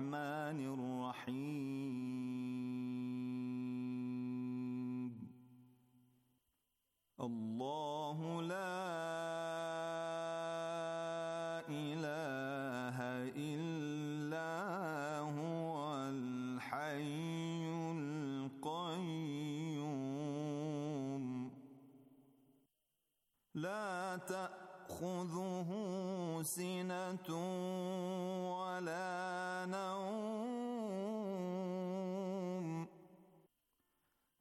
الرحمن الرحيم الله لا إله إلا هو الحي القيوم لا تأخذه سنة ولا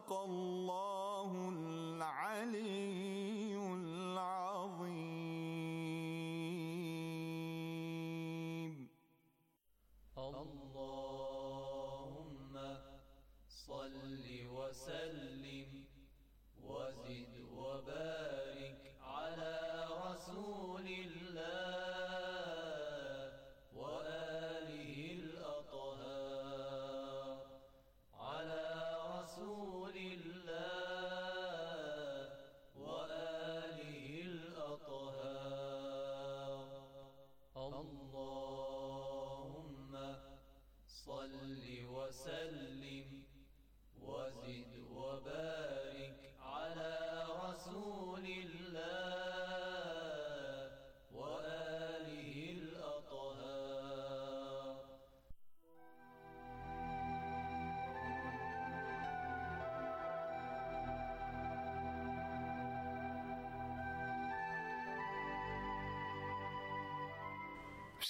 صدق الله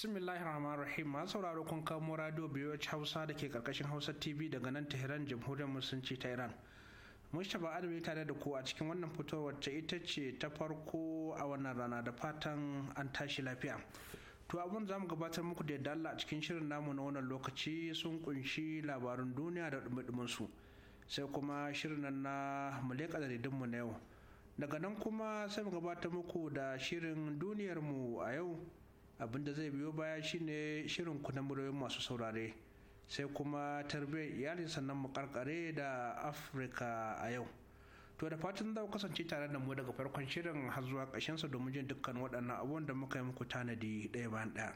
bismillahir rahmanir rahim masu sauraro kun kamo radio hausa da ke karkashin hausa tv daga nan tehran jamhuriyar musulunci ta iran mustapha adam tare da ku a cikin wannan fitowar ta ita ce ta farko a wannan rana da fatan an tashi lafiya to abin za mu gabatar muku da yadda a cikin shirin namu na wannan lokaci sun kunshi labarun duniya da dumadumin su sai kuma shirin nan na muleka da mu na yau daga nan kuma sai mu gabatar muku da shirin duniyarmu a yau abin da zai biyo baya shine shirin ku na muryoyin masu saurare sai kuma tarbiyyar iyali sannan mu karkare da afirka a yau to da fatan za ku kasance tare da mu daga farkon shirin har zuwa ƙashinsa domin jin dukkan waɗannan abubuwan da muka yi muku tanadi ɗaya bayan ɗaya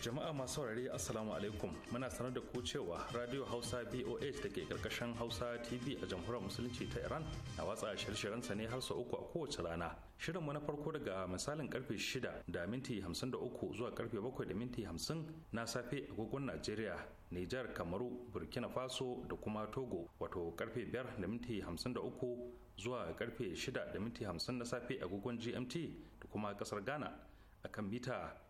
Jama'a masu saurare Assalamu alaikum muna sanar da ku cewa Radio Hausa BOH da ke karkashin Hausa TV a Jamhuriyar Musulunci ta Iran na watsa shirye sa ne har sau uku a kowace rana. Shirin mu na farko daga misalin karfe 6 da minti 53 zuwa karfe 7 da minti 50 na safe agogon Najeriya, Nijar, Kamaru, Burkina Faso da kuma Togo wato karfe 5 da minti 53 zuwa karfe 6 da minti 50 na safe agogon GMT da kuma kasar Ghana akan mita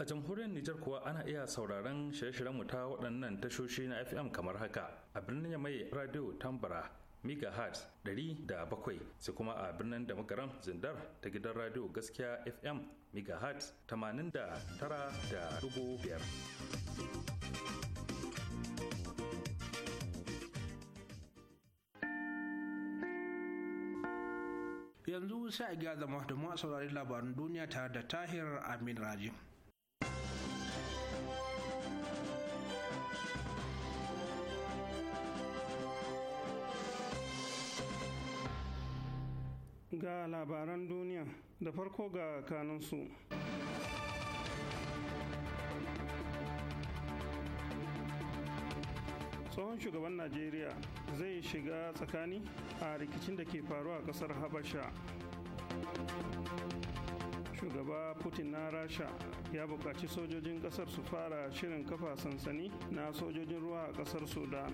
A jamhuriyar Nijar kuwa ana iya sauraron shirye-shiryen mu ta waɗannan tashoshi na FM kamar haka a birnin mai radio Tambara megahertz 107 sai kuma a birnin da magaran zindar ta gidan radio gaskiya FM megahertz 89.5 yanzu sai a gaza da mu saurari labaran duniya tare da tahir amin rajim ga labaran duniya da farko ga kanunsu. tsohon shugaban najeriya zai shiga tsakani a rikicin da ke faruwa a kasar habasha shugaba putin na rasha ya buƙaci sojojin ƙasar su fara shirin kafa sansani na sojojin ruwa a ƙasar sudan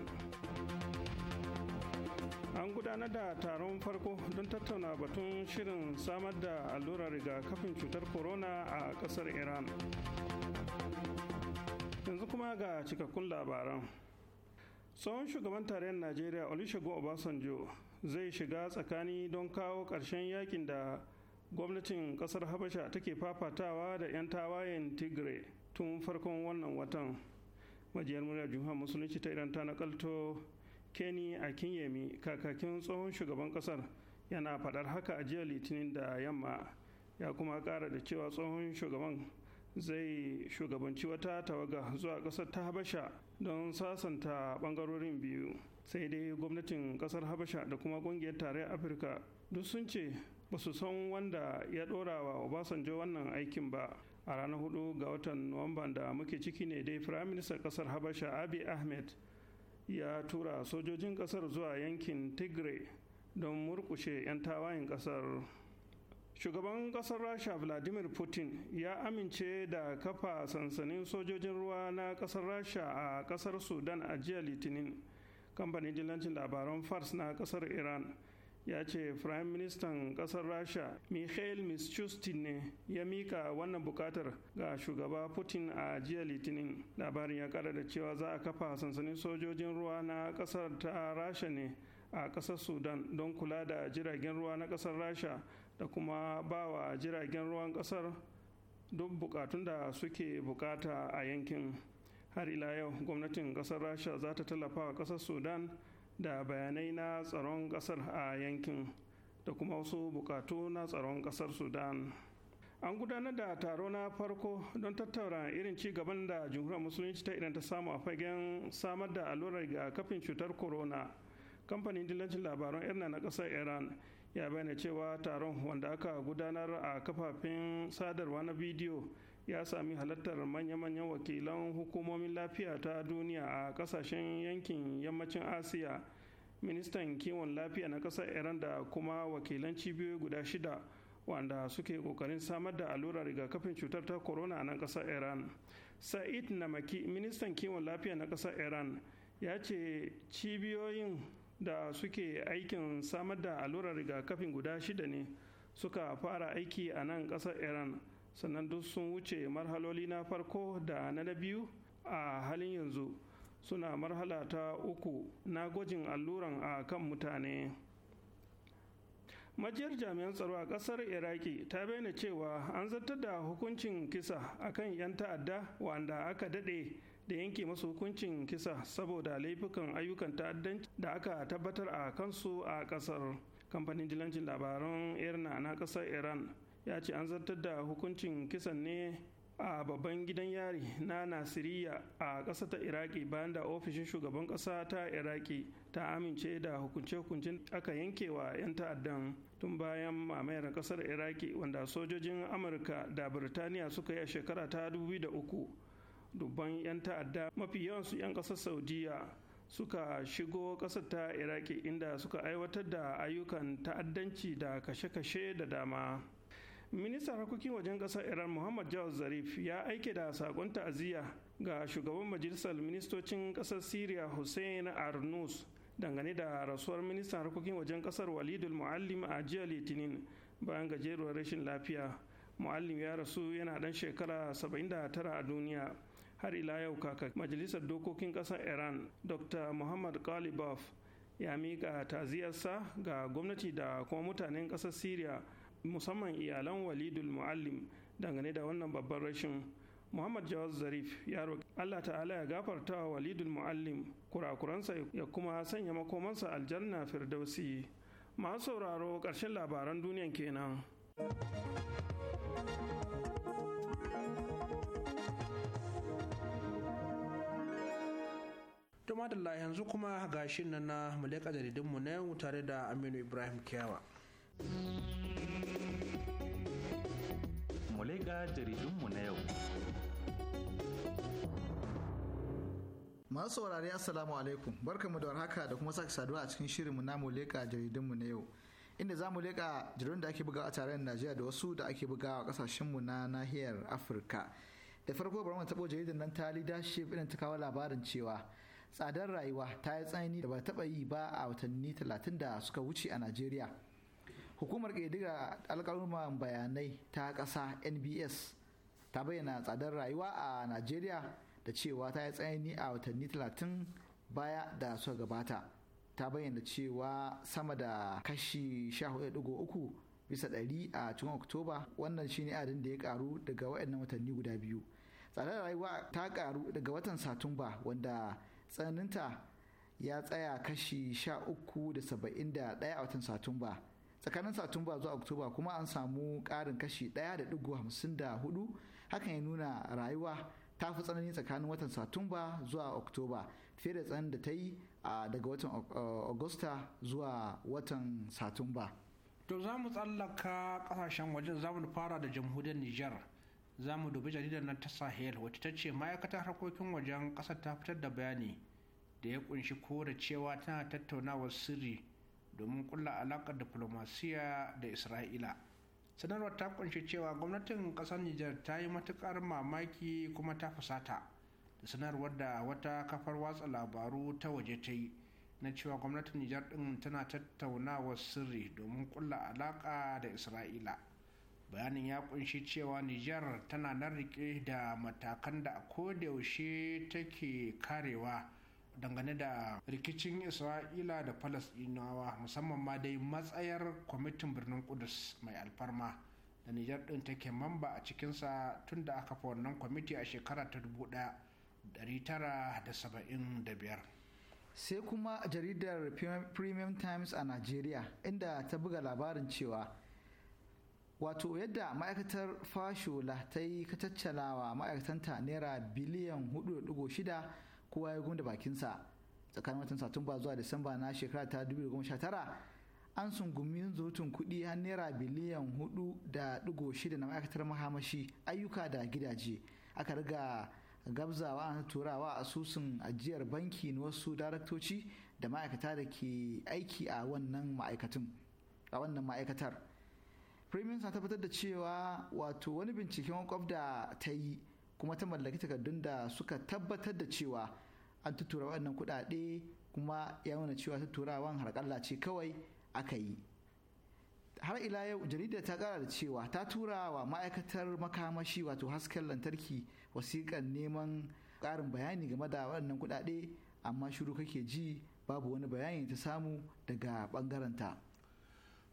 an gudanar da taron farko don tattauna batun shirin samar da allurar rigakafin cutar corona a kasar iran yanzu kuma ga cikakkun labaran tsohon shugaban tarayyar najeriya olusegun obasanjo zai shiga tsakani don kawo ƙarshen yakin da gwamnatin kasar habasha take fafatawa da 'yan tawayen tigray tun farkon wannan watan majiyar murya jihar musulunci ta iran ta nakalto kenny akinyemi kakakin tsohon shugaban kasar yana faɗar haka a jiya litinin da yamma ya kuma ƙara da cewa tsohon shugaban zai shugabanci wata tawaga zuwa ƙasar ta habasha don sasanta ɓangarorin biyu sai dai gwamnatin ƙasar habasha da kuma ƙungiyar tarayyar afirka duk sun ce ba su san wanda ya ɗorawa wa obasanjo wannan aikin ba a ranar hudu ga watan nuwamban da muke ciki ne dai firaministan ƙasar habasha abi ahmed ya tura sojojin kasar zuwa yankin tigray don murkushe 'yan tawayen kasar shugaban kasar rasha vladimir putin ya amince da kafa sansanin sojojin ruwa na kasar rasha a kasar sudan a jiya litinin kamfanin jilancin labaran fars na kasar iran ya ce prime ministan kasar rasha mikhail Mischustin ne ya mika wannan bukatar ga shugaba putin a jiya litinin labarin ya kara da cewa za a kafa sansanin sojojin ruwa na kasar ta rasha ne a kasar sudan don kula da jiragen ruwa na kasar rasha da kuma bawa jiragen ruwan kasar duk bukatun da suke bukata a yankin har ila yau gwamnatin kasar rasha za ta tallafa wa kasar sudan da bayanai na tsaron ƙasar a yankin da kuma wasu bukatu na tsaron ƙasar sudan an gudanar da taro na farko don tattaura irin ci gaban da jamhuriyar musulunci ta idan ta samu a fagen samar da allurar ga kafin cutar corona kamfanin dillancin labaran irna na ƙasar iran ya bayyana cewa taron wanda aka gudanar a kafafen sadarwa na bidiyo ya sami halartar manya-manyan wakilan hukumomin lafiya ta duniya a kasashen yankin yammacin asiya ministan kiwon lafiya na kasar iran da kuma wakilan cibiyoyi guda shida wanda suke kokarin samar da allurar rigakafin cutar ta corona a nan iran sa'id namaki ministan kiwon lafiya na kasar iran ya ce cibiyoyin da suke aikin samar da allurar rigakafin guda shida ne suka fara aiki a nan ƙasar iran sannan duk sun wuce marhaloli na farko da na na biyu a halin yanzu suna marhala ta uku na gwajin alluran a kan mutane majiyar jami'an tsaro a kasar iraki ta bayyana cewa an zartar da hukuncin kisa akan 'yan ta'adda wanda aka dade da yanke masu hukuncin kisa saboda laifukan ayyukan ta'addanci da aka tabbatar a kansu a kasar kamfanin jilancin labaran irna na kasar iran ya ce an zartar da hukuncin kisan ne a babban gidan yari na nasiriya a ƙasa ta iraki bayan da ofishin shugaban ƙasa ta iraki ta amince da hukunce-hukuncen aka yankewa 'yan ta'addan tun bayan mamayar ƙasar iraki wanda sojojin amurka da birtaniya suka yi a shekara ta uku, dubban 'yan ta'adda mafi yawansu 'yan ƙasar saudiya suka shigo ƙasar ta iraki inda suka aiwatar da ayyukan ta'addanci da kashe-kashe da dama ministan harkokin wajen ƙasar iran muhammad jawad zarif ya aike da saƙon ta'aziyya ga shugaban majalisar ministocin ƙasar syria hussein arnus dangane da rasuwar ministan harkokin wajen ƙasar walidul muallim a jiya litinin bayan gajeruwar rashin lafiya muallim ya rasu yana ɗan shekara 79 a duniya har ila yau kaka majalisar dokokin ƙasar iran dr muhammad kalibaf ya mika ta'aziyarsa ga gwamnati da kuma mutanen ƙasar syria musamman iyalan walidul muallim dangane da wannan babban rashin muhammad jawaz zarif ya roƙi allah ta'ala ya gafarta wa walidul muallim kurakuransa ya kuma sanya makomansa aljanna firdausi masu sauraro ƙarshen labaran duniyan kenan madalla yanzu kuma ga nan na mulek jaridinmu na yau tare da aminu ibrahim kiyawa. mulega jaridunmu na yau. Masu saurari Assalamu alaikum barkamu da warhaka da kuma sake saduwa a cikin shirinmu na muleka jaridunmu na yau. Inda za mu leka jaridun da ake buga a tarayyar Najeriya da wasu da ake buga a kasashenmu na nahiyar Afirka. Da farko bari mu taɓo jaridar nan ta leadership irin ta kawo labarin cewa tsadar rayuwa ta yi tsani da ba taɓa yi ba a watanni talatin da suka wuce a Najeriya. hukumar ƙididdiga alƙaluman bayanai ta ƙasa nbs ta bayyana tsadar rayuwa a najeriya da cewa ta yi tsayani a watanni 30 baya da suka gabata ta bayyana cewa sama da kashi 14.3 bisa ɗari a cikin oktoba wannan shine adin da ya karu daga waɗannan watanni guda biyu tsadar rayuwa ta karu daga watan satumba wanda tsananinta ya tsaya kashi 13.71 a watan satumba tsakanin satumba zuwa oktoba kuma an samu karin kashi ɗaya da ɗigo hamsin da hudu hakan ya nuna rayuwa ta fi tsanani tsakanin watan satumba zuwa oktoba fiye da tsanin da ta yi daga watan agusta zuwa watan satumba to za mu tsallaka kasashen wajen za mu fara da jamhuriyar niger za mu dubi jaridar nan ta sahel wacce ta ce ma'aikatar harkokin wajen ƙasa ta fitar da bayani da ya kunshi koda cewa tana tattaunawar sirri domin kulla alaƙar diplomasiya da isra'ila sanarwar ta kunshi cewa gwamnatin ƙasar nijar ta yi matuƙar mamaki kuma ta fusata da sanarwar da wata kafar watsa labaru ta waje ta yi na cewa gwamnatin nijar ɗin tana tattaunawar sirri domin kulla alaka da isra'ila bayanin ya kunshi cewa nijar tana nan rike da matakan da a kodayaushe take karewa dangane da rikicin isra'ila da falasdinawa musamman ma dai matsayar kwamitin birnin kudus mai alfarma da nijar ɗin take mamba a cikinsa tun da aka fa wannan kwamiti a shekara ta biyar. sai kuma jaridar premium times a nigeria inda ta buga labarin cewa wato yadda ma'aikatar fashola ta yi kataccalawa ma'aikatanta naira biliyan 4.6 kowa ya gunda bakinsa tsakanin watan satumba zuwa disamba na shekara ta 2019 an sungumi zutun kuɗi har naira biliyan hudu da 4.6 na ma'aikatar mahamashi ayyuka da gidaje aka riga gabzawa na turawa asusun ajiyar banki na wasu daraktoci da ma'aikata da ke aiki a wannan ma'aikatun a wannan ma'aikatar premium ta tabbatar da cewa wato wani binciken kwaf ta yi kuma ta mallaki takardun da suka tabbatar da cewa an tuttura waɗannan kuɗaɗe kuma ya nuna cewa tutturawan harƙalla ce kawai aka yi har ila yau jarida ta kara da cewa ta tura wa ma'aikatar makamashi wato hasken lantarki wasiƙar neman ƙarin bayani game da waɗannan kuɗaɗe amma shiru kake ji babu wani bayani ta samu daga ɓangaren ta.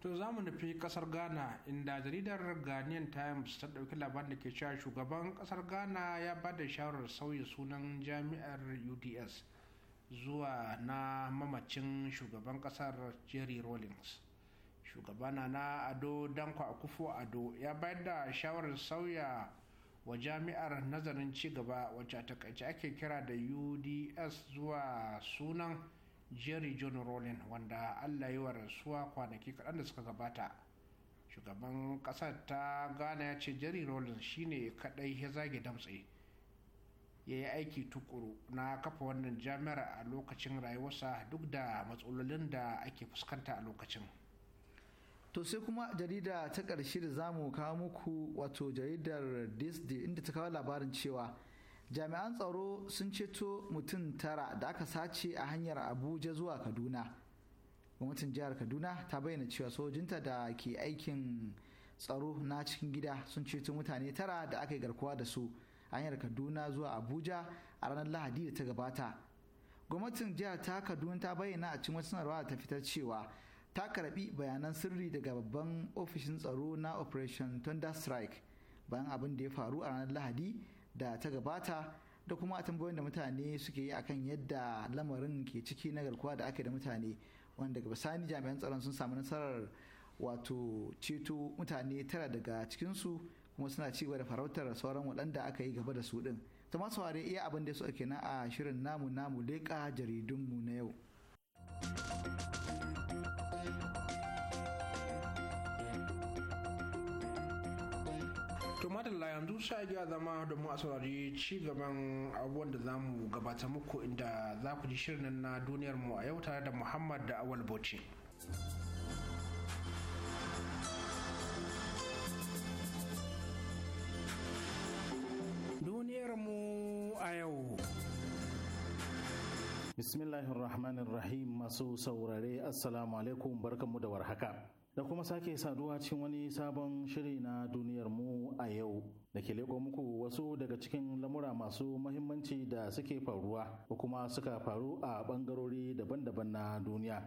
to za mu nufi kasar ghana inda jaridar ghanaian times ta ɗauki labarin da ke cewa shugaban kasar ghana ya ba da shawarar sauya sunan jami'ar uds zuwa na mamacin shugaban kasar jerry rawlings shugabana na ado danko akufo ado ya bayar da shawarar sauya wa jami'ar nazarin cigaba wacce a takaice ake kira da uds zuwa sunan jerry john rowling wanda allah yi wa rasuwa kwanaki kaɗan da suka gabata shugaban ƙasar ta gana ya ce jerry rowling shine kaɗai ya zage damtse ya yi aiki tukuru na kafa wannan jami'ar a lokacin rayuwarsa duk da matsalolin da ake fuskanta a lokacin to sai kuma jarida ta ƙarshe da za mu kawo muku wato jaridar disney inda ta kawo labarin cewa jami'an tsaro sun ceto mutum tara da aka sace a hanyar abuja zuwa kaduna gwamnatin jihar kaduna ta bayyana cewa sojinta da ke aikin tsaro na cikin gida sun ceto mutane tara da aka yi garkuwa da su a hanyar kaduna zuwa abuja a ranar lahadi da ta gabata gwamnatin jihar ta kaduna ta bayyana a cikin wata sanarwa da ta fitar cewa ta karbi bayanan sirri daga babban ofishin tsaro na operation thunder strike bayan abin da ya faru a ranar lahadi da ta gabata da kuma a tambayoyin da mutane suke yi akan yadda lamarin ke ciki na garkuwa da aka da mutane wanda daga bisani jami'an tsaron sun samu nasarar wato ceto mutane tara daga cikinsu kuma suna ci da farautar sauran waɗanda aka yi gaba da su ɗin ta masu ware iya abin da su ake na a shirin namu namu leƙa jaridunmu na yau. to madalla yanzu sa ya zama da mu a saurari ci gaban abubuwan da za mu gabata muku inda za ku ji shirin na duniyar mu a yau tare da muhammad da awal bauchi duniyar a yau bismillahirrahmanirrahim masu saurare assalamu alaikum barkanmu da warhaka da kuma sake saduwa cikin wani sabon shiri na duniyar mu a yau da ke leko muku wasu daga cikin lamura masu mahimmanci da suke faruwa ko kuma suka faru a bangarori daban-daban na duniya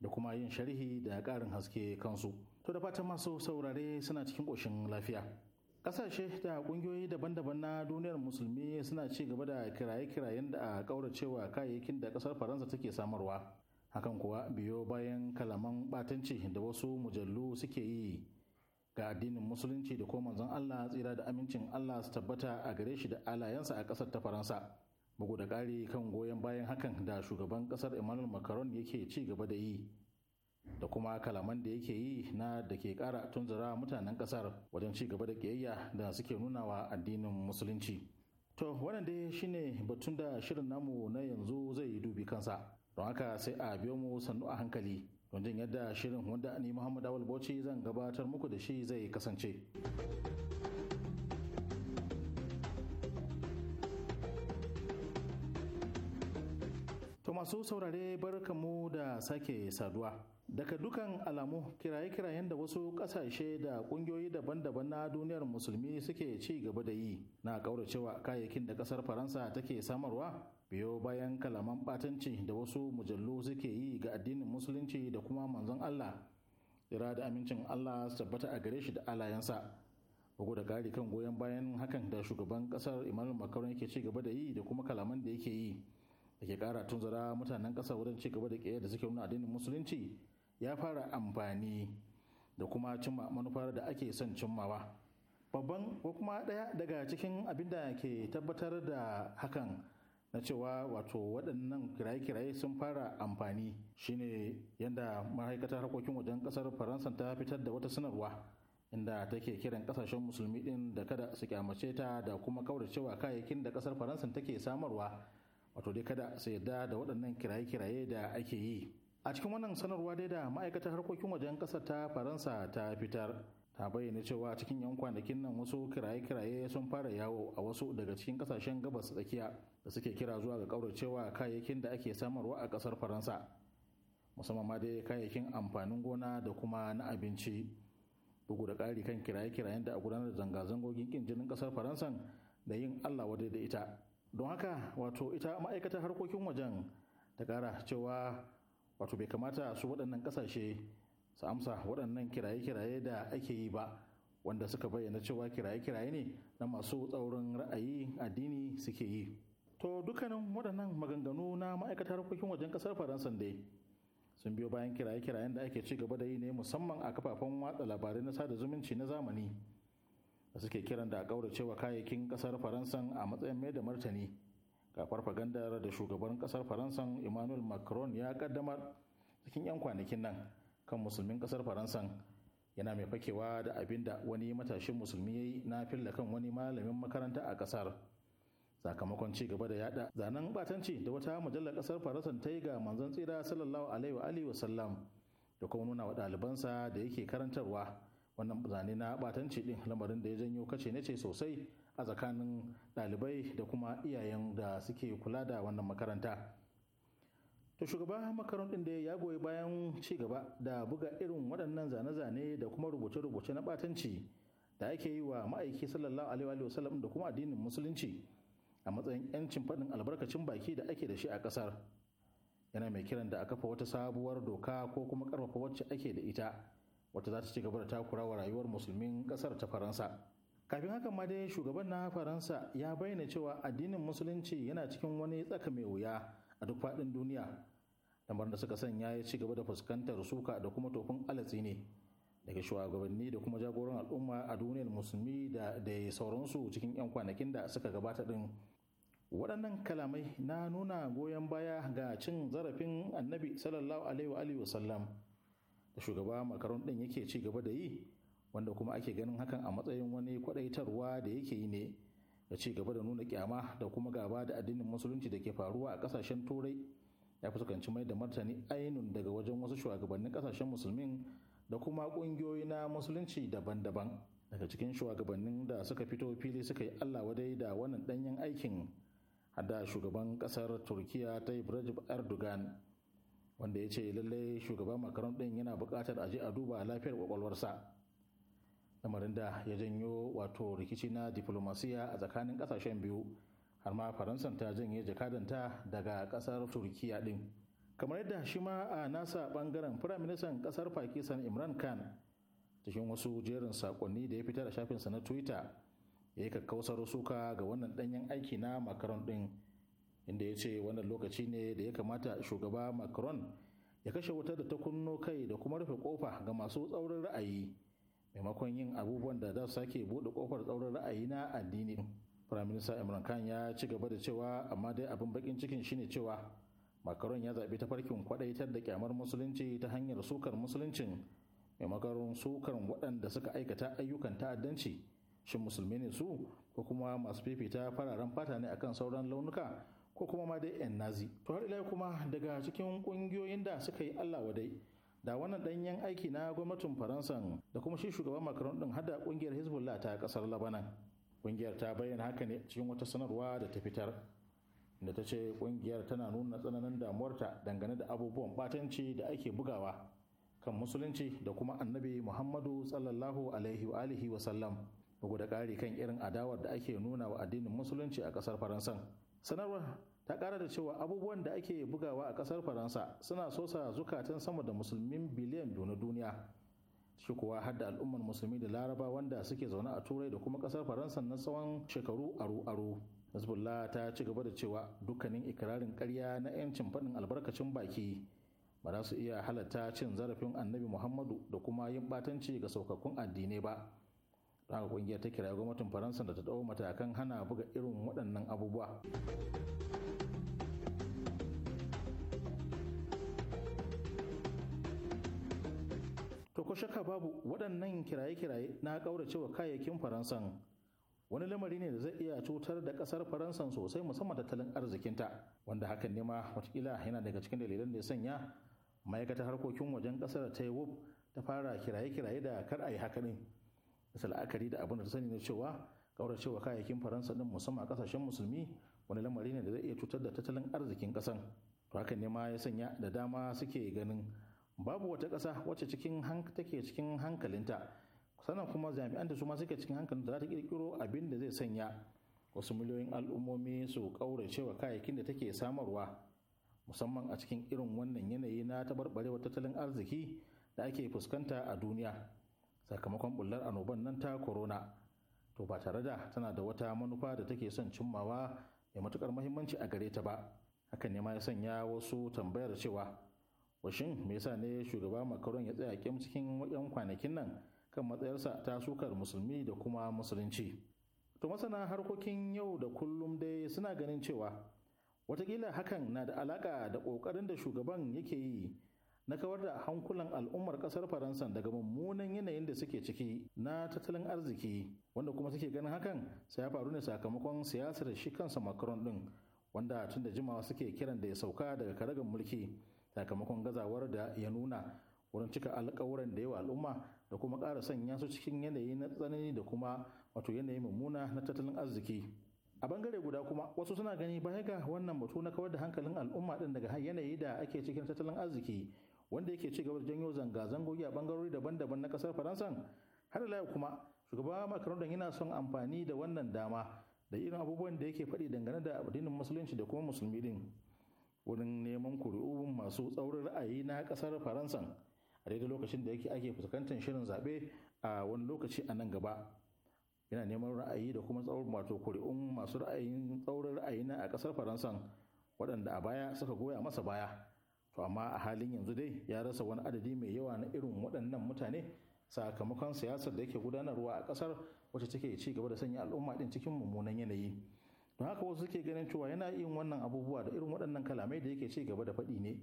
da kuma yin sharhi da ƙarin haske kansu to da fatan masu saurare suna cikin ƙoshin lafiya Ƙasashe da ƙungiyoyi daban-daban na duniyar musulmi suna ci gaba da kiraye-kirayen da a ƙauracewa kayayyakin da ƙasar Faransa take samarwa. Akan kuwa biyo bayan kalaman batanci da wasu mujallu suke yi ga addinin musulunci da kuma manzon Allah tsira da amincin Allah su tabbata a gare shi da alayansa a ƙasar ta Faransa bugu da ƙari kan goyon bayan hakan da shugaban ƙasar Emmanuel Macron yake ci gaba da yi da kuma kalaman da yake yi na da ke ƙara tunzura mutanen ƙasar wajen ci gaba da ƙiyayya da suke nunawa addinin musulunci to wannan dai shine batun da shirin namu na yanzu zai dubi kansa don haka sai a biyo mu sannu a hankali don jin yadda shirin wanda ni muhammad awal bauchi zan gabatar muku da shi zai kasance to masu saurare barkamu da sake saduwa daga dukan alamu kiraye-kirayen da wasu kasashe da kungiyoyi daban-daban na duniyar musulmi suke ci gaba da yi na kauracewa kayayyakin da kasar faransa take samarwa biyo bayan kalaman batanci da wasu mujallu suke yi ga addinin musulunci da kuma manzon Allah ira da amincin Allah su tabbata a gare shi da alayansa bugu da gari kan goyon bayan hakan da shugaban kasar Imanu Macron yake ci gaba da yi da kuma kalaman da yake yi da ke ƙara zara mutanen ƙasa wajen ci gaba da kiyaye da suke nuna addinin musulunci ya fara amfani da kuma cimma manufar da ake son cimmawa babban ko kuma ɗaya daga cikin abin da ke tabbatar da hakan na cewa wato waɗannan kiraye-kiraye sun fara amfani shine yadda ma'aikatar harkokin wajen ƙasar faransa ta fitar da wata sanarwa inda take kiran ƙasashen musulmi ɗin da kada su kyamace ta da kuma cewa kayayyakin da ƙasar faransa take samarwa wato dai kada su yarda da waɗannan kiraye-kiraye da ake yi a cikin wannan sanarwa dai da ma'aikatar harkokin wajen ƙasar ta faransa ta fitar ta bayyana cewa cikin 'yan kwanakin nan wasu kiraye-kiraye sun fara yawo a wasu daga cikin kasashen gabas tsakiya da suke kira zuwa ga cewa kayayyakin da ake samarwa a kasar faransa musamman ma dai kayayyakin amfanin gona da kuma na abinci bugu da ƙari kan kiraye-kirayen da a gudanar da zanga-zangogin kin jinin kasar faransan da yin allah wadai da ita don haka wato ita ma'aikatar harkokin wajen ta kara cewa wato bai kamata su waɗannan ƙasashe su amsa waɗannan kiraye-kiraye da ake yi ba wanda suka bayyana cewa kiraye-kiraye ne na masu tsaurin ra'ayi addini suke yi to dukkanin waɗannan maganganu na ma'aikatar harkokin wajen ƙasar faransa dai sun biyo bayan kiraye-kirayen da ake ci gaba da yi ne musamman a kafafen watsa labarai na sada zumunci na zamani da suke kiran da a cewa kayayyakin ƙasar faransa a matsayin mai da martani ga farfagandar da shugaban ƙasar faransan emmanuel macron ya ƙaddamar cikin 'yan kwanakin nan kan musulmin kasar faransan yana mai fakewa da abin da wani matashin musulmi ya yi na filla kan wani malamin makaranta a kasar sakamakon ci gaba da yada zanen batanci da wata mujallar kasar faransan ta yi ga manzon tsira sallallahu alaihi wa alihi wasallam da kuma nuna wa ɗalibansa da yake karantarwa wannan zane na batanci din lamarin da ya janyo kace ne ce sosai a tsakanin ɗalibai da kuma iyayen da suke kula da wannan makaranta to shugaba makaron da ya goyi bayan ci gaba da buga irin waɗannan zane-zane da kuma rubuce-rubuce na ɓatanci da ake yi wa ma'aiki sallallahu alaihi wa sallam da kuma addinin musulunci a matsayin yancin faɗin albarkacin baki da ake da shi a ƙasar yana mai kiran da a kafa wata sabuwar doka ko kuma ƙarfafa wacce ake da ita wata za ta ci gaba da takura wa rayuwar musulmin ƙasar ta faransa kafin haka ma dai shugaban na faransa ya bayyana cewa addinin musulunci yana cikin wani tsaka mai wuya a duk faɗin duniya lamar da suka sanya ya ci gaba da fuskantar suka da kuma tofin alatsi ne daga shugabanni da kuma jagoran al'umma a duniyar musulmi da da sauransu cikin 'yan kwanakin da suka gabata din waɗannan kalamai na nuna goyon baya ga cin zarafin annabi sallallahu alaihi wa sallam da shugaba makarun din yake ci gaba da yi wanda kuma ake ganin hakan a matsayin wani kwadaitarwa da yake yi ne da ci gaba da nuna kyama da kuma gaba da addinin musulunci da ke faruwa a kasashen turai ya fuskanci mai da martani ainun daga wajen wasu shugabannin kasashen musulmin da kuma kungiyoyi na musulunci daban-daban daga cikin shugabannin da suka fito fili suka yi allah wadai da wannan danyen aikin da shugaban kasar turkiya ta Recep erdogan wanda ya ce lallai shugaban makaron din yana buƙatar a je a duba lafiyar kwakwalwarsa lamarin da ya janyo wato rikici na diplomasiya a tsakanin kasashen biyu har ma faransan ta janye jakadanta daga kasar turkiya din kamar yadda shi ma a nasa bangaren firaministan kasar pakistan imran khan cikin wasu jerin sakonni da ya fitar da shafinsa na twitter ya yi kakkausar suka ga wannan danyen aiki na macron din inda ya ce wannan lokaci ne da ya kamata shugaba macron ya kashe wutar da ta kunno kai da kuma rufe kofa ga masu tsaurin ra'ayi maimakon yin abubuwan da za su sake buɗe kofar tsaurin ra'ayi na addini firaminista imran khan ya ci gaba da cewa amma dai abin bakin cikin shine cewa makaron ya zaɓi ta farkin kwaɗaitar da kyamar musulunci ta hanyar sukar musuluncin maimakon sukar waɗanda suka aikata ayyukan ta'addanci shin musulmi ne su ko kuma masu fifita fararen fata ne akan sauran launuka ko kuma ma dai 'yan nazi to har ila kuma daga cikin ƙungiyoyin da suka yi allah wadai da wannan danyen aiki na gwamnatin faransa da kuma shi shugaban macron din hada kungiyar hezbollah ta kasar labanan kungiyar ta bayyana haka ne cikin wata sanarwa da ta fitar da ta ce kungiyar tana nuna tsananin damuwarta dangane da abubuwan batanci da ake bugawa kan musulunci da kuma annabi muhammadu sallallahu alaihi wa alihi wa sallam bugu da kari kan irin adawar da ake nuna wa addinin musulunci a kasar faransa sanarwar ta kara da cewa abubuwan da ake bugawa a ƙasar faransa suna sosa zukatan sama da musulmin biliyan biyu na duniya shi kuwa hadda al'ummar musulmi da laraba wanda suke zaune a turai da kuma ƙasar faransa na tsawon shekaru aru-aru hezbollah ta ci gaba da cewa dukkanin ikirarin karya na 'yancin faɗin albarkacin baki ba za su iya halatta cin zarafin annabi muhammadu da kuma yin ɓatanci ga saukakkun addinai ba don haka ƙungiyar ta kira gwamnatin faransa da ta ɗau matakan hana buga irin waɗannan abubuwa shakka babu waɗannan kiraye-kiraye na ƙauracewa kayayyakin faransan wani lamari ne da zai iya cutar da ƙasar faransan sosai musamman tattalin arzikinta wanda hakan ne ma watakila yana daga cikin dalilan da ya sanya ma'aikatar harkokin wajen ƙasar ta yi ta fara kiraye-kiraye da kar a yi haka ne misal la'akari da abin da ta sani na cewa kauracewa kayayyakin faransa ɗin musamman a ƙasashen musulmi wani lamari ne da zai iya cutar da tattalin arzikin kasan to hakan ne ma ya sanya da dama suke ganin babu wata ƙasa wacce cikin take cikin hankalinta sannan kuma jami'an da su ma suke cikin hankalin da za ta kirkiro abin da zai sanya wasu miliyoyin al'ummomi su ƙaurace wa kayayyakin da take samarwa musamman a cikin irin wannan yanayi na tabarbarewar tattalin arziki da ake fuskanta a duniya sakamakon bullar annoban nan ta corona to ba tare da tana da wata manufa da take son cimmawa mai matukar muhimmanci a gare ta ba hakan ne ma ya sanya wasu tambayar cewa washin me yasa ne shugaba makaron ya tsaya kim cikin yan kwanakin nan kan matsayarsa ta sukar musulmi da kuma musulunci to masana harkokin yau da kullum dai suna ganin cewa watakila hakan na da alaka da kokarin da shugaban yake yi na kawar da hankulan al'ummar kasar faransa daga mummunan yanayin da suke ciki na tattalin arziki wanda kuma suke ganin hakan sai ya faru ne sakamakon siyasar shi kansa macron din wanda tun da jimawa suke kiran da ya sauka daga karagar mulki sakamakon gazawar da ya nuna wurin cika alkawuran da yawa al'umma da kuma ƙara sanya su cikin yanayi na tsanani da kuma wato yanayi mummuna na tattalin arziki a bangare guda kuma wasu suna gani baya ga wannan batu na kawar da hankalin al'umma din daga yanayi da ake cikin tattalin arziki wanda yake ci gaba da janyo zanga-zangogi a bangarori daban-daban na kasar faransan har ila kuma shugaba macron yana son amfani da wannan dama da irin abubuwan da yake faɗi dangane da addinin musulunci da kuma musulmi din wurin neman kuri'u masu tsaurin ra'ayi na kasar faransan a daidai lokacin da yake ake fuskantar shirin zaɓe a wani lokaci a nan gaba yana neman ra'ayi da kuma tsaurin wato kuri'un masu ra'ayin tsaurin ra'ayi na a ƙasar faransan waɗanda a baya suka goya masa baya to amma a halin yanzu dai ya rasa wani adadi mai yawa na irin waɗannan mutane sakamakon siyasar da yake gudanarwa a ƙasar wacce take ci gaba da sanya al'umma ɗin cikin mummunan yanayi don haka wasu suke ganin cewa yana yin wannan abubuwa da irin waɗannan kalamai da yake cigaba gaba da faɗi ne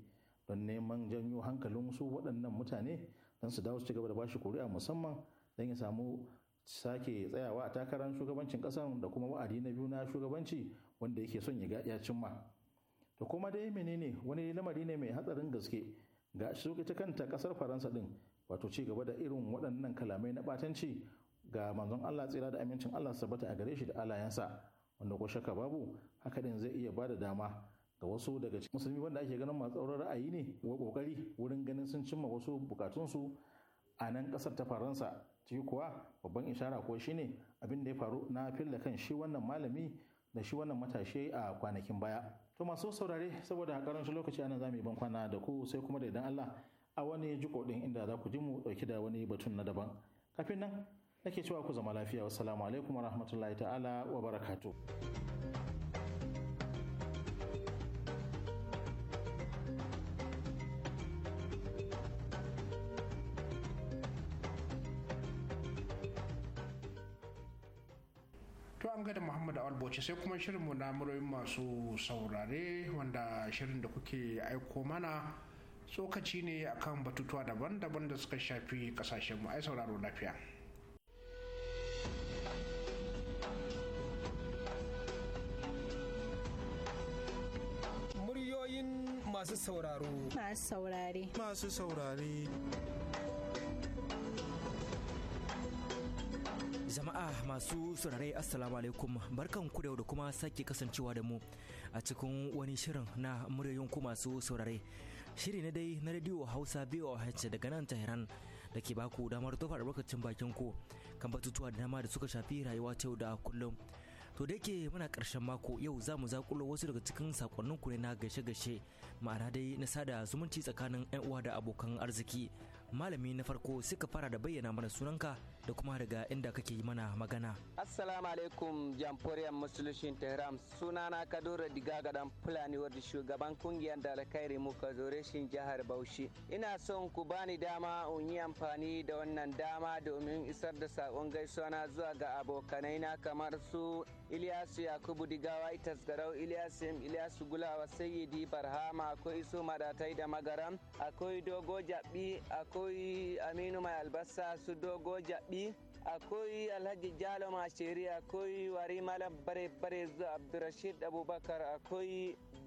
don neman janyo hankalin su waɗannan mutane don su dawo su ci gaba da bashi kuri'a musamman don ya samu sake tsayawa a takarar shugabancin ƙasar da kuma wa'adi na biyu na shugabanci wanda yake son ya ya cimma to kuma dai menene wani lamari ne mai hatsarin gaske ga shi ita kanta ƙasar faransa ɗin wato ci gaba da irin waɗannan kalamai na ɓatanci ga manzon Allah tsira da amincin Allah sabata a gare shi da alayansa wanda ko shakka babu haka din zai iya bada dama ga wasu daga cikin musulmi wanda ake ganin masu tsauran ra'ayi ne wa kokari wurin ganin sun cimma wasu bukatunsu a nan kasar ta faransa ciki kuwa babban ishara ko shine abin da ya faru na filla kan shi wannan malami da shi wannan matashi a kwanakin baya to masu saurare saboda karancin lokaci ana zamu ban kwana da ku sai kuma da idan Allah a wani jiko din inda za ku ji mu dauki da wani batun na daban kafin nan nake cewa ku zama lafiya wassalamu alaikum wa rahmatullahi ta'ala wa barakatu an da Muhammadu sai kuma shirinmu na muryoyin masu saurare wanda shirin da kuke aiko mana tsokaci ne akan batutuwa daban-daban da suka shafi kasashenmu ai sauraro lafiya. masu sauraro masu saurare masu saurare jama'a masu saurare assalamu alaikum barkan ku da yau da kuma sake kasancewa da mu a cikin wani shirin na muryoyin ku masu saurare shiri na dai na radio hausa a voh daga nan tehran da ke baku damar tofa albarkacin bakin ku kan batutuwa da dama da suka shafi rayuwa ta yau da kullum to da yake muna karshen mako yau za mu zakulo wasu daga cikin sakonnin ku ne na gashe-gashe ma'ana dai na sada zumunci tsakanin 'yan uwa da abokan arziki malami na farko suka fara da bayyana mana sunanka da kuma daga inda kake yi mana magana. Assalamu alaikum jamforiyar musulushin Tehran sunana Kadura Diga gadan Fulani wadda shugaban kungiyar dalakai Remuka Zoreshin jihar Bauchi. Ina son ku bani dama in yi amfani da wannan dama domin isar da sakon gaisuwa na zuwa ga abokanai na kamar su Ilyasu Yakubu Digawa Itas Garau Ilyasu M Ilyasu Gulawa Sayyidi Barhama akwai Isu Madatai da Magaram akwai Dogo Jabi akwai Aminu Mai Albasa su Dogo Jabi بی اکوی الحج جالو معاشری اکوی وری مالا بره بره عبدالرشید ابوبکر اکوی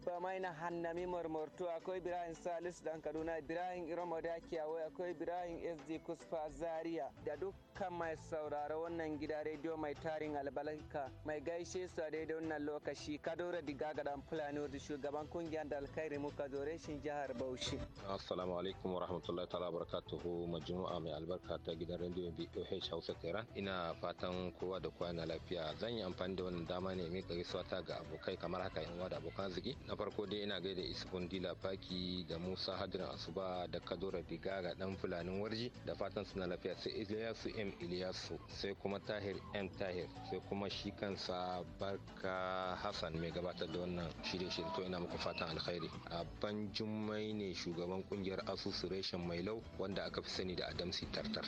akwai maina hannami marmartu akwai ibrahim salisu dan kaduna ibrahim iromo dakiyawai akwai ibrahim sd kusfa zaria da dukkan mai sauraro wannan gida rediyo mai tarin albarka mai gaishe su a daidai wannan lokaci kadora diga dan fulani wadda shugaban kungiyar da alkhairi muka zore shin jihar bauchi assalamu alaikum wa rahmatullahi ta'ala barakatuhu majmu'a mai albarka ta gidan rediyo boh hausa kera ina fatan kowa da kowa na lafiya zan yi amfani da wannan dama ne mika gaisuwa ta ga abokai kamar haka yan da abokan arziki farko dai ina gaida da dila faki da musa hadirin asuba da kadora ga dan fulanin warji da fatan suna lafiya sai iliyasu m iliyasu sai kuma tahir m tahir sai kuma shi kansa barka hassan mai gabatar da wannan shirye shirye to ina muku fatan alkhairi a ban jummai ne shugaban kungiyar asusu reshen mai lau wanda aka fi sani da adamsi tartar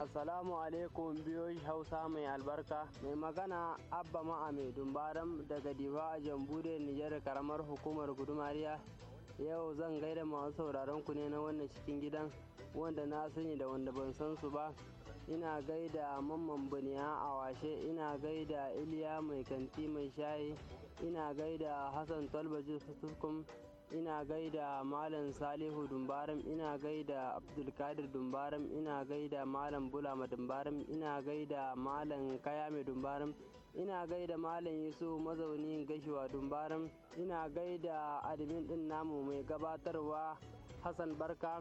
Assalamu alaikum biyoyi Hausa mai albarka mai magana Abba Ma'a mai dumbaram daga Diba a Jamhuriyar Nijar karamar hukumar Gudumariya. Yau zan gaida masu sauraron ku ne na wannan cikin gidan wanda na sani da wanda ban san su ba. Ina gaida mamman buniya a washe, ina gaida Iliya mai kanti mai shayi, ina gaida Hassan Talbaji Sutukum ina gaida malam salihu dumbaram ina gaida abdulkadir dumbaram ina gaida malam bulama dumbaram ina gaida malam kayame dumbaram ina gaida malam yusu mazaunin gashiwa dumbaram ina gaida admin din namu mai gabatarwa hassan barka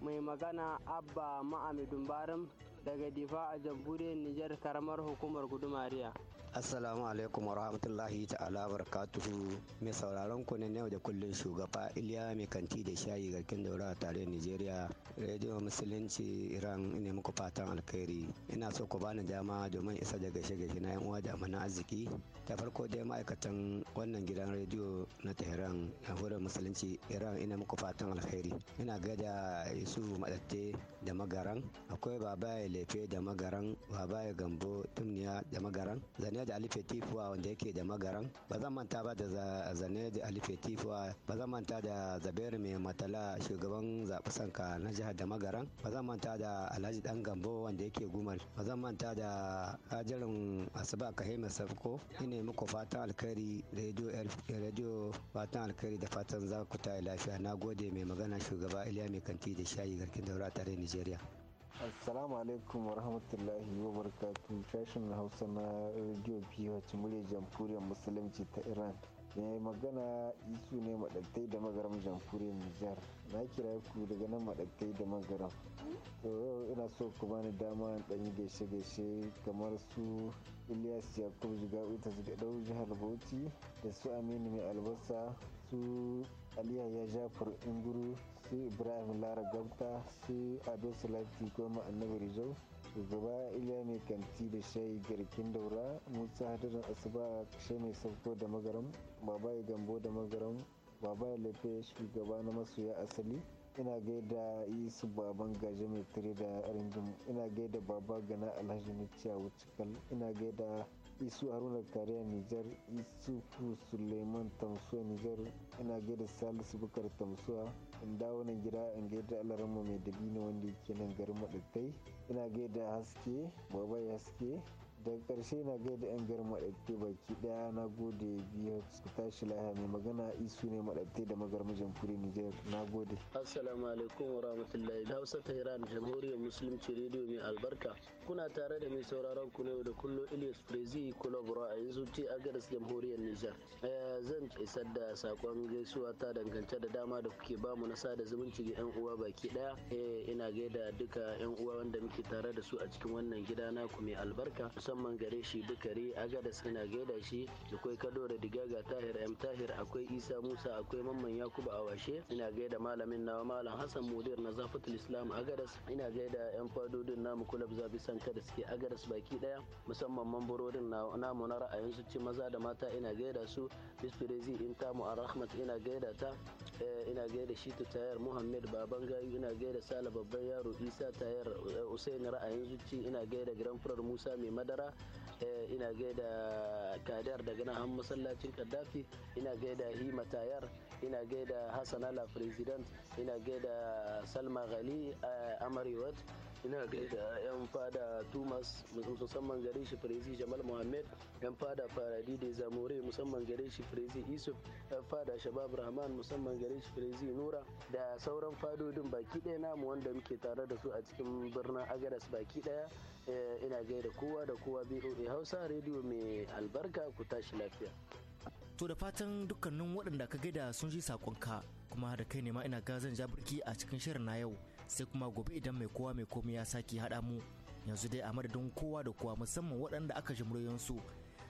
mai magana abba ma'ami dumbaram daga Difa a jamhuriyar Nijar karamar hukumar Gudumariya. Assalamu alaikum wa rahmatullahi ta'ala barakatuhu mai sauraron ku ne yau da kullum shugaba Iliya mai kanti da shayi garkin daura a tare Nijeriya Radio Musulunci Iran ina muku fatan alkhairi ina so ku bani dama domin isa da gashe gashe na yan uwa da amana arziki ta farko dai ma'aikatan wannan gidan rediyo na Tehran Jamhuriyar Musulunci Iran ina muku fatan alkhairi ina gada Yusuf Madatte da Magaran akwai Baba lefe da magaran babaye gambo tumniya da magaran zane da alife tifuwa wanda yake da magaran ba zan manta ba da zane da alife tifuwa ba zan manta da zaberi mai matala shugaban zaɓi sanka na jihar da magaran ba zan manta da alhaji dan gambo wanda yake gumal ba zan manta da hajarin asuba kahima safko ina muku fatan alkhairi radio fatan alkhairi da fatan za ku ta lafiya na gode mai magana shugaba iliya mai kanti da shayi garkin daura tare nigeria assalamu alaikum wa rahmatullahi wa barakatu sashen hausa na radio ph murya jamhuriyar musulunci ta iran mai magana isu ne maɗattai da magaram jamhuriyar nijar na kira ku daga nan maɗattai da magaram to yau ina so ku bani dama ɗan yi gaishe-gaishe kamar su ilyas yakub jigawi ta ɗau jihar bauchi da su aminu mai albasa su Aliyu ya jafar inguru sai ibrahim lara gabta sai abin salati goma annabi rijau shugaba iliya mai kanti da shai garkin daura musa hadarin asuba kashe mai sauko da magaram baba ya gambo da magaram baba ya shugaba na masoya asali ina gaida isu baban gaje mai tare da ringin ina gaida baba gana alhaji mai ciyawu cikal ina gaida isu haruna kariya nijar isufu suleiman tamsuwa nijar ina gaida salisu bukar tamsuwa in dawo nan gida in gaida alarama mai dabino wanda yake nan garin maɗattai ina gaida haske babai haske daga ƙarshe na gaida 'yan garin maɗaɗe baki ɗaya na gode biyu su tashi lahiya mai magana isu ne maɗaɗe da magarmajin fure nijar na gode assalamu alaikum wa rahmatullahi da hausa ta iran jamhuriyar musulunci rediyo mai albarka kuna tare da mai sauraron ku ne da kullum Ilyas Prezi Kulabura a yanzu ce a garis jamhuriyar Nijar. Eh, zan isar da sakon gaisuwa ta dangance da dama da kuke bamu na sada zumunci ga 'yan uwa baki daya. Eh, ina gaida duka 'yan uwa wanda muke tare da su a cikin wannan gida na ku mai albarka musamman gare shi dukari a garis ina gaida shi akwai kado da digaga tahir m tahir akwai isa musa akwai mamman yakubu washe ina gaida malamin nawa malam hassan mudir na zafatul islam a garis ina gaida yan fadodin namu kulab zabisan talaka da suke agaras baki daya musamman mamburorin namu na ra'ayin su ce maza da mata ina gaida su bis in tamu a rahmat ina gaida ta eh, ina gaida shi ta tayar muhammed baban gayu ina gaida sala babban yaro isa tayar eh, usain ra'ayin zuci ina gaida furar musa mai madara eh, ina gaida kadar daga nan masallacin kaddafi ina gaida hima tayar ina gaida hassan ala president ina gaida salma ghali amaryewat ina gaida yan fada tumas musamman gare shi firizi jamal muhammed yan fada faradi da zamore musamman gare shi firizi isuf yan fada shabab rahman musamman gare shi firizi nura da sauran fadodin baki ɗaya namu wanda muke tare da su a cikin birnin agadas baki ɗaya eh, ina gaida kowa da kowa boa hausa rediyo mai albarka ku tashi lafiya To da fatan dukkanin waɗanda ka gaida sun ji sakonka kuma da kai ne ma ina gazan birki a cikin shirin na yau sai kuma gobe idan mai kowa mai komai ya sake haɗa mu yanzu dai a madadin kowa da kowa musamman waɗanda aka ji muryoyinsu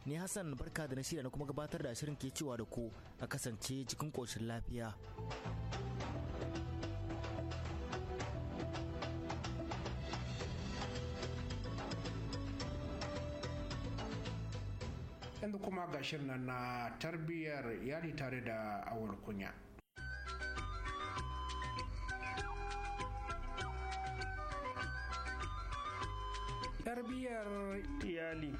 ni hassan barka da na shirya na kuma gabatar da shirin ke cewa da ku a kasance cikin ƙoshin lafiya. yanzu kuma ga shirin na tarbiyyar yari tare da awar kunya. iyali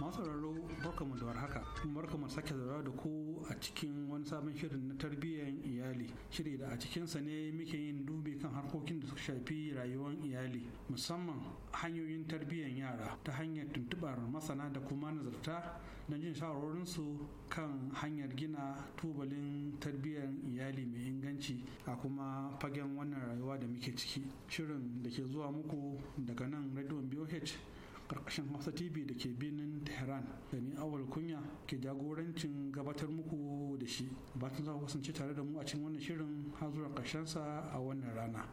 masu raro barkamu da warhaka barkamu sake zaura da ku cikin wani sabon shirin na tarbiyyar iyali shiri da a cikinsa ne muke yin dubi kan harkokin da suka shafi rayuwar iyali musamman hanyoyin tarbiyyar yara ta hanyar tuntubar masana da kuma nazarta don jin shawarorinsu kan hanyar gina tubalin tarbiyyar iyali mai inganci a kuma fagen wannan rayuwa da muke ciki shirin da ke zuwa muku daga nan radio BOH karkashin Hausa TV da ke birnin Tehran da ni awal kunya ke jagorancin gabatar muku da shi. ba ta zama kasance tare da mu a cikin wannan shirin har zuwa sa a wannan rana.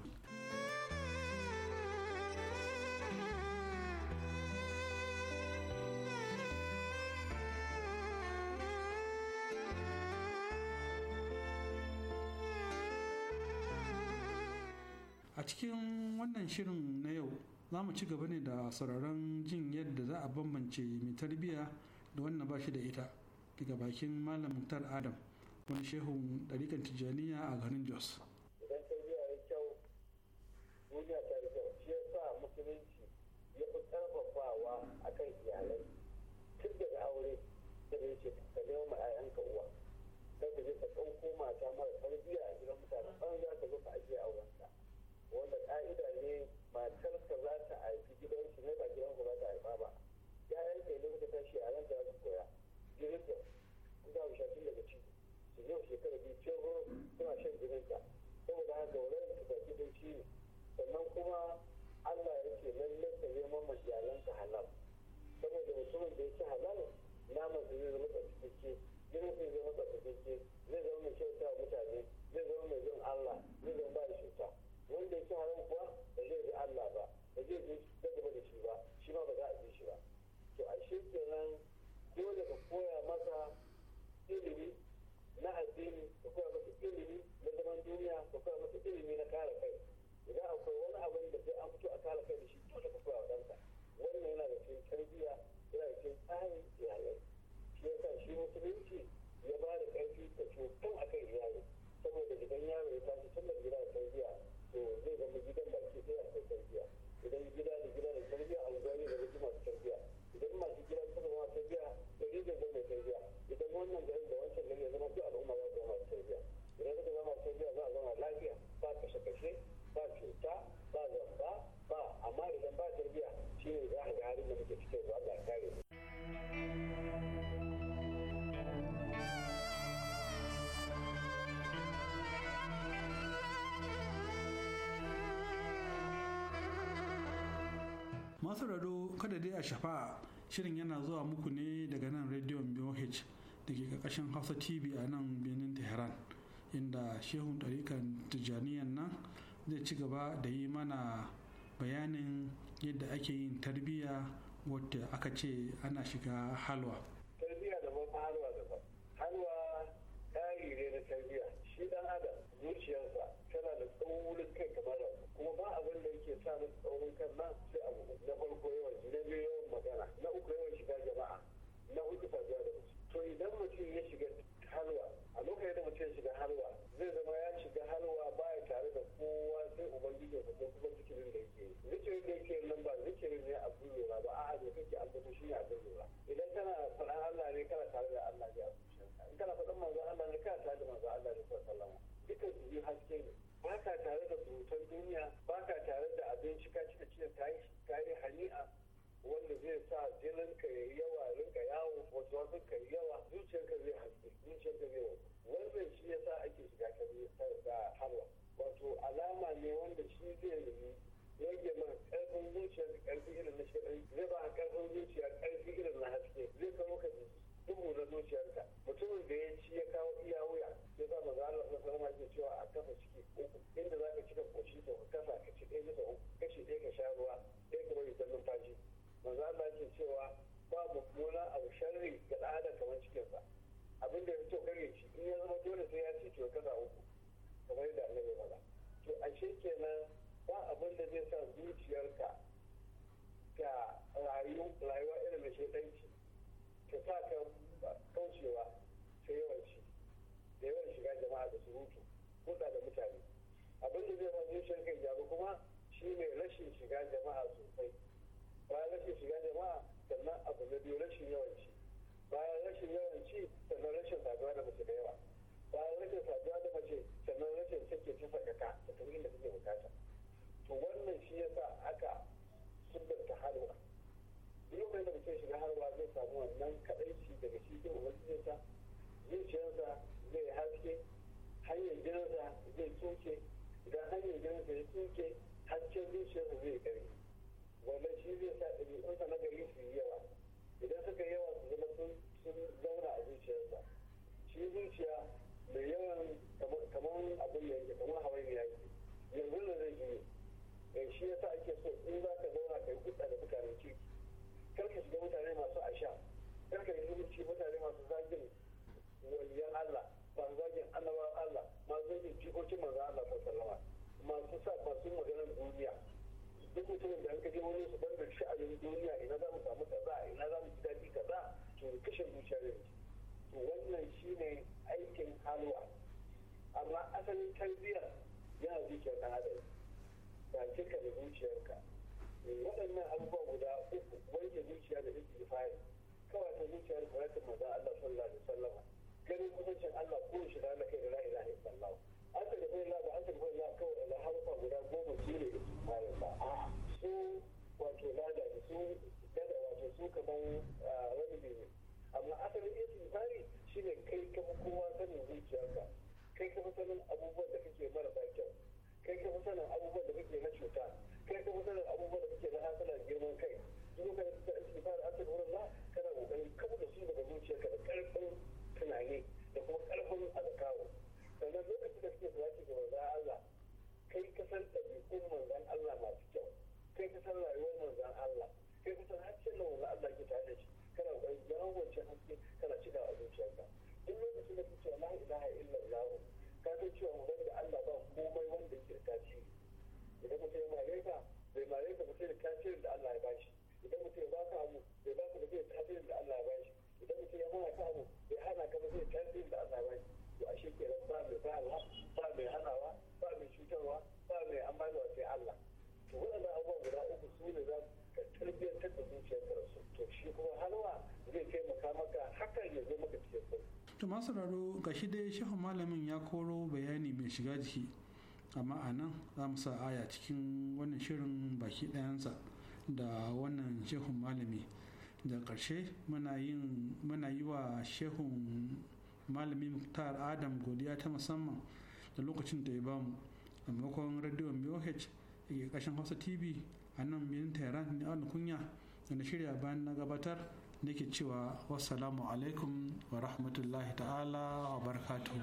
A cikin wannan shirin na yau za mu ci gaba ne da sauraron jin yadda za a bambance mai tarbiyya da wannan ba shi da ita daga bakin malam muktar adam wani shehun ɗarikan tijjaniya a garin jos idan tarbiyya ya kyau duniya ta yi kyau shi yasa musulunci ya fi karfafawa akan iyalai tun daga aure da ya ce ka nema sai ka je ka mata mara tarbiyya a gidan mutane ban za ka zo ajiye aurenka wanda ka'ida ne matar yau shekara biyu ce suna shan jininta saboda haka wannan ne sannan kuma Allah ya ce neman majalanka halal saboda mutumin da ya ci halal naman zai zai zama mai kyauta wa mutane zai zama mai zan Allah zai zama wanda ya ci haram kuwa ba zai Allah ba ba zai gaba da shi ba shi ma ba a ji shi ba to a kenan dole ka koya masa ilimi na addini ka koya masa ilimi na zaman duniya ka koya masa ilimi na kare kai idan akwai wani abu da sai an fito a kare kai da shi dole ka koya wa ɗanka wannan yana da cikin tarbiyya yana da cikin tsarin iyalai shi yasa shi musulunci ya ba da ƙarfi ta cutun a kan iyali saboda idan yaro ya tashi tun da gida da tarbiyya to zai zama gidan baki sai a kai tarbiyya idan gida da gida da tarbiyya a wajen ne da wasu masu tarbiyya idan masu gida suka zama tarbiyya jirgin zai mai tarbiyya idan wannan garin da wancan garin ya zama duk al'umma za su zama da idan suka zama tarbiyya za a zama lafiya ba kashe-kashe ba cuta ba zamba ba amma idan ba tarbiyya shi ne za a ga halin da muke cikin zuwa ga kare masu rado kada dai a shafa shirin yana zuwa muku ne daga nan rediyon boh da ke ƙarƙashin hausa tv a nan birnin tehran inda shehun ɗarikan tijjaniyan nan zai ci gaba da yi mana bayanin yadda ake yin tarbiyya wadda aka ce ana shiga halwa tarbiyya daban halwa daban halwa tsari ne na tarbiyya shi dan adam zuciyarsa tana da tsaurin kai kamar kuma ba abin da yake sa mutum ya shiga halwa a lokacin da mutum ya shiga halwa zai zama ya shiga halwa ba ya tare da kowa sai ubangiji da kuma zikirin da yake zikirin da yake nan ba zikirin ne a lura ba a'a ne kake albata shi ne a lura idan kana faɗan Allah ne kana tare da Allah ne a zuciyarka in kana faɗan manzo Allah ne kana tare da manzo Allah ne sallallahu alaihi wasallam dukkan su haske ne ba ka tare da surutan duniya ba ka tare da abinci ka cika cikin kayi hani'a wanda zai sa ka ya yi wasu wasu ka yi yawa zuciyarka zai haske zuciyarka zai wasu wannan shi ya sa ake shiga ka zai da halwa wato alama ne wanda shi zai nemi rage ma karfin zuciya da karfi irin na shirin zai ba karfin zuciya karfi irin na haske zai kawo ka duhu na zuciyarka mutumin da ya ci ya kawo iya wuya ya sa maza Allah na sarama ke cewa a kafa ciki uku inda za ka cika koshi to ka kasa ka ci ɗaya bisa uku kashi ɗaya ka sha ruwa ɗaya ka bari ta numfashi maza Allah ke cewa ba mummuna abu sharri ga ɗan adam cikin cikinsa abin da ya fito kare shi in ya zama dole sai ya ci to kaza uku kamar yadda Allah ya faɗa to shi kenan ba abin da zai sa zuciyarka ga rayuwa irin na shaidanci ka sa ka kaucewa sai yawan ci da yawan shiga jama'a da surutu kuɗa da mutane abin da zai ma zuciyarka ya gyaru kuma shi ne rashin shiga jama'a sosai bayan rashin shiga jama'a sannan abu na biyu rashin yawan ci bayan rashin yawan ci sannan rashin saduwa da mace da yawa bayan rashin saduwa da mace sannan rashin sake ci sakaka da ta da take bukata to wannan shi ya sa aka subbanta halwa duk da mutum shiga halwa zai samu wannan kadaici daga shi zai ubangijinsa zuciyarsa zai haske hanyar jinsa zai tuke idan hanyar jinsa ya tuke hasken zuciyarsa zai gari wannan shi zai sa ɗabi'unsa na gari su yi idan suka yawa su zama sun zauna a zuciyarsa shi zuciya mai yawan kamar abin yanke kamar hawan yanke yanzu da zai yi eh shi yasa ake so in za ka zauna ka yi da mutanen ciki kar ka shiga mutane masu asha kar ka yi zumunci mutane masu zagin waliyan Allah ban zagin annabawan Allah masu zagin jikokin manzan Allah sallallahu alaihi wasallam masu sa masu maganar duniya duk mutumin da aka kaje wani su bandar sha'anin duniya ina za mu samu kaza ina za mu ji daɗi kaza to kashe zuciya da to wannan shi ne aikin halwa amma asalin tarbiyyar yana zuciyar ɗan adam ba cika da zuciyarka eh, waɗannan abubuwa guda uku wanke zuciya da istighfari kawai ta zuciya da salatin maza Allah sallallahu alaihi wasallam ganin kusancin Allah ko shi rana kai da la ilaha illallah an ta tarbi Allah ba an tarbi Allah kawai na harfa guda goma shi ne bayan ba a su wato lada da su dada wato su kaman ah, wani ne amma asalin yin tsari shi ne kai ka fi kowa sanin zuciyarka kai ka fi sanin abubuwan da kake marasa kyau kai ka fi sanin abubuwan da kake na cuta kai ka fi sanin abubuwan da kake na hasalar girman kai duk da ka yi tsari asali wurin la kana kokarin kabu da su daga zuciyarka da karfin tunani da kuma karfin alkawo sannan lokacin da suke zuwa ga manzan Allah kai ka san ɗabi'un manzan Allah masu kyau kai ka san rayuwar manzan Allah kai ka san hasken da manzan Allah ke tare da shi kana kai yawon wancan haske kana cika a zuciyarka duk lokacin da kuke la ilaha illallah ka san cewa mu da Allah ba komai wanda ke tasiri idan mutum ya mare ka bai mare ka ba sai da tasirin da Allah ya bashi idan mutum ya baka abu bai baka ba sai da tasirin da Allah ya bashi idan mutum ya hana ka abu bai hana ka ba sai da da Allah ya bashi to ashe ke mai ba mai hanawa ba mai cutarwa ba mai da sai Allah to wannan abubuwa guda uku su ne za ka tarbiyyantar da zuciyar su to shi kuma halwa zai taimaka maka hakan ya zo maka cikin sauki. to masu raro ga shi dai shehu malamin ya koro bayani mai shiga jiki amma a nan za mu sa aya cikin wannan shirin baki ɗayansa da wannan shehun malami da ƙarshe muna yi wa shehun Malamin muktar adam godiya ta musamman da lokacin da ya bamu a maimakon radiyon MOH da ke kashin hausa tv a nan birnin tehran ne a kunya da na shirya bayan na gabatar da ke cewa wassalamu alaikum wa rahmatullahi ta'ala wa barakatuhu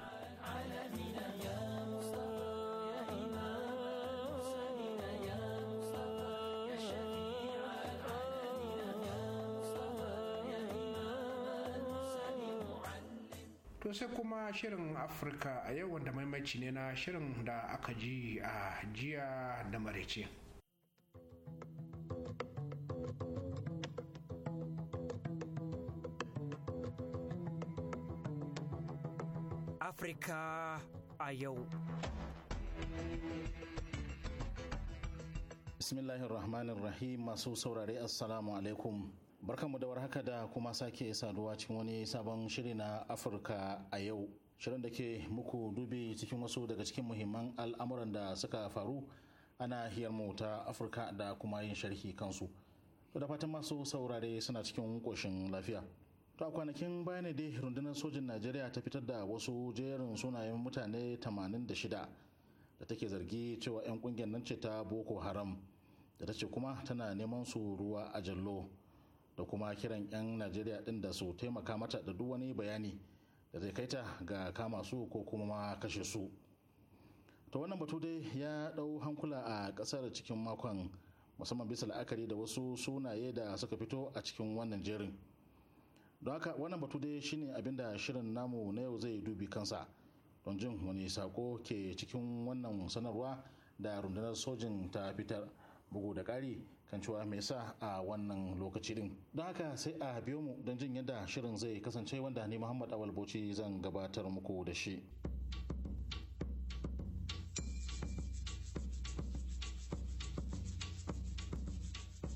to sai kuma shirin afirka a yau wanda maimaci ne na shirin da aka ji a jiya da marece afirka a yau bismillahirrahmanirrahim masu saurare assalamu alaikum Barkanmu da warhaka da kuma sake saduwa cikin wani sabon shiri na Afirka a yau. Shirin da ke muku dubi cikin wasu daga cikin muhimman al'amuran da suka faru ana hiyarmu ta Afirka da kuma yin sharhi kansu. Da fatan masu saurare suna cikin ƙoshin lafiya. To a kwanakin baya ne dai rundunar sojin Najeriya ta fitar da wasu jerin sunayen mutane 86 da take zargi cewa 'yan kungiyar nan ce ta Boko Haram da ta ce kuma tana neman su ruwa a jallo. da kuma kiran 'yan najeriya din da su taimaka mata da duk wani bayani da zai kai ta ga kama su ko kuma ma kashe su ta wannan batu dai ya dau hankula a kasar cikin makon musamman bisa la'akari da wasu sunaye da suka fito a cikin wannan jerin don haka wannan batu dai shine abinda shirin namu na yau zai dubi kansa don jin wani sako ke cikin wannan sanarwa da rundunar sojin ta fitar bugu da ƙari kan cewa me yasa a wannan lokaci din don haka sai a biyo mu don jin yadda shirin zai kasance wanda ni muhammad awal bauchi zan gabatar muku da shi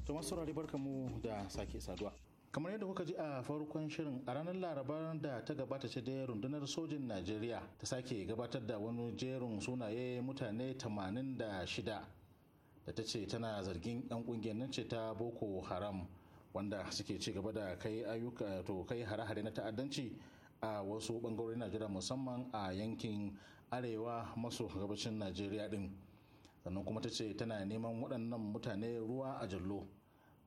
to masu mu da sake saduwa kamar yadda kuka ji a farkon shirin a ranar larabar da ta gabata ce dai rundunar sojin najeriya ta sake gabatar da wani jerin sunaye mutane 86 da ta ce tana zargin 'yan kungiyar nan ce ta boko haram wanda suke ci gaba da kai ayyuka to kai hare-hare na ta'addanci a wasu bangarorin najeriya musamman a yankin arewa maso gabashin najeriya din sannan kuma ta ce tana neman waɗannan mutane ruwa a jallo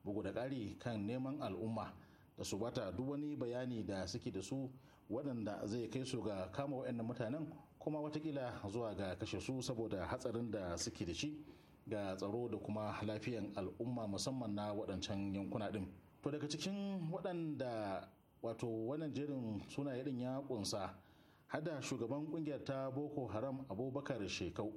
bugu da ƙari kan neman al'umma da su bata duk wani bayani da suke da su waɗanda zai kai su ga kama waɗannan mutanen kuma watakila zuwa ga kashe su saboda hatsarin da suke da shi ga tsaro da kuma lafiyan al'umma musamman na waɗancan yankuna ɗin to daga cikin waɗanda wato wannan jerin suna ɗin ya ƙunsa hada shugaban ƙungiyar ta boko haram abubakar shekau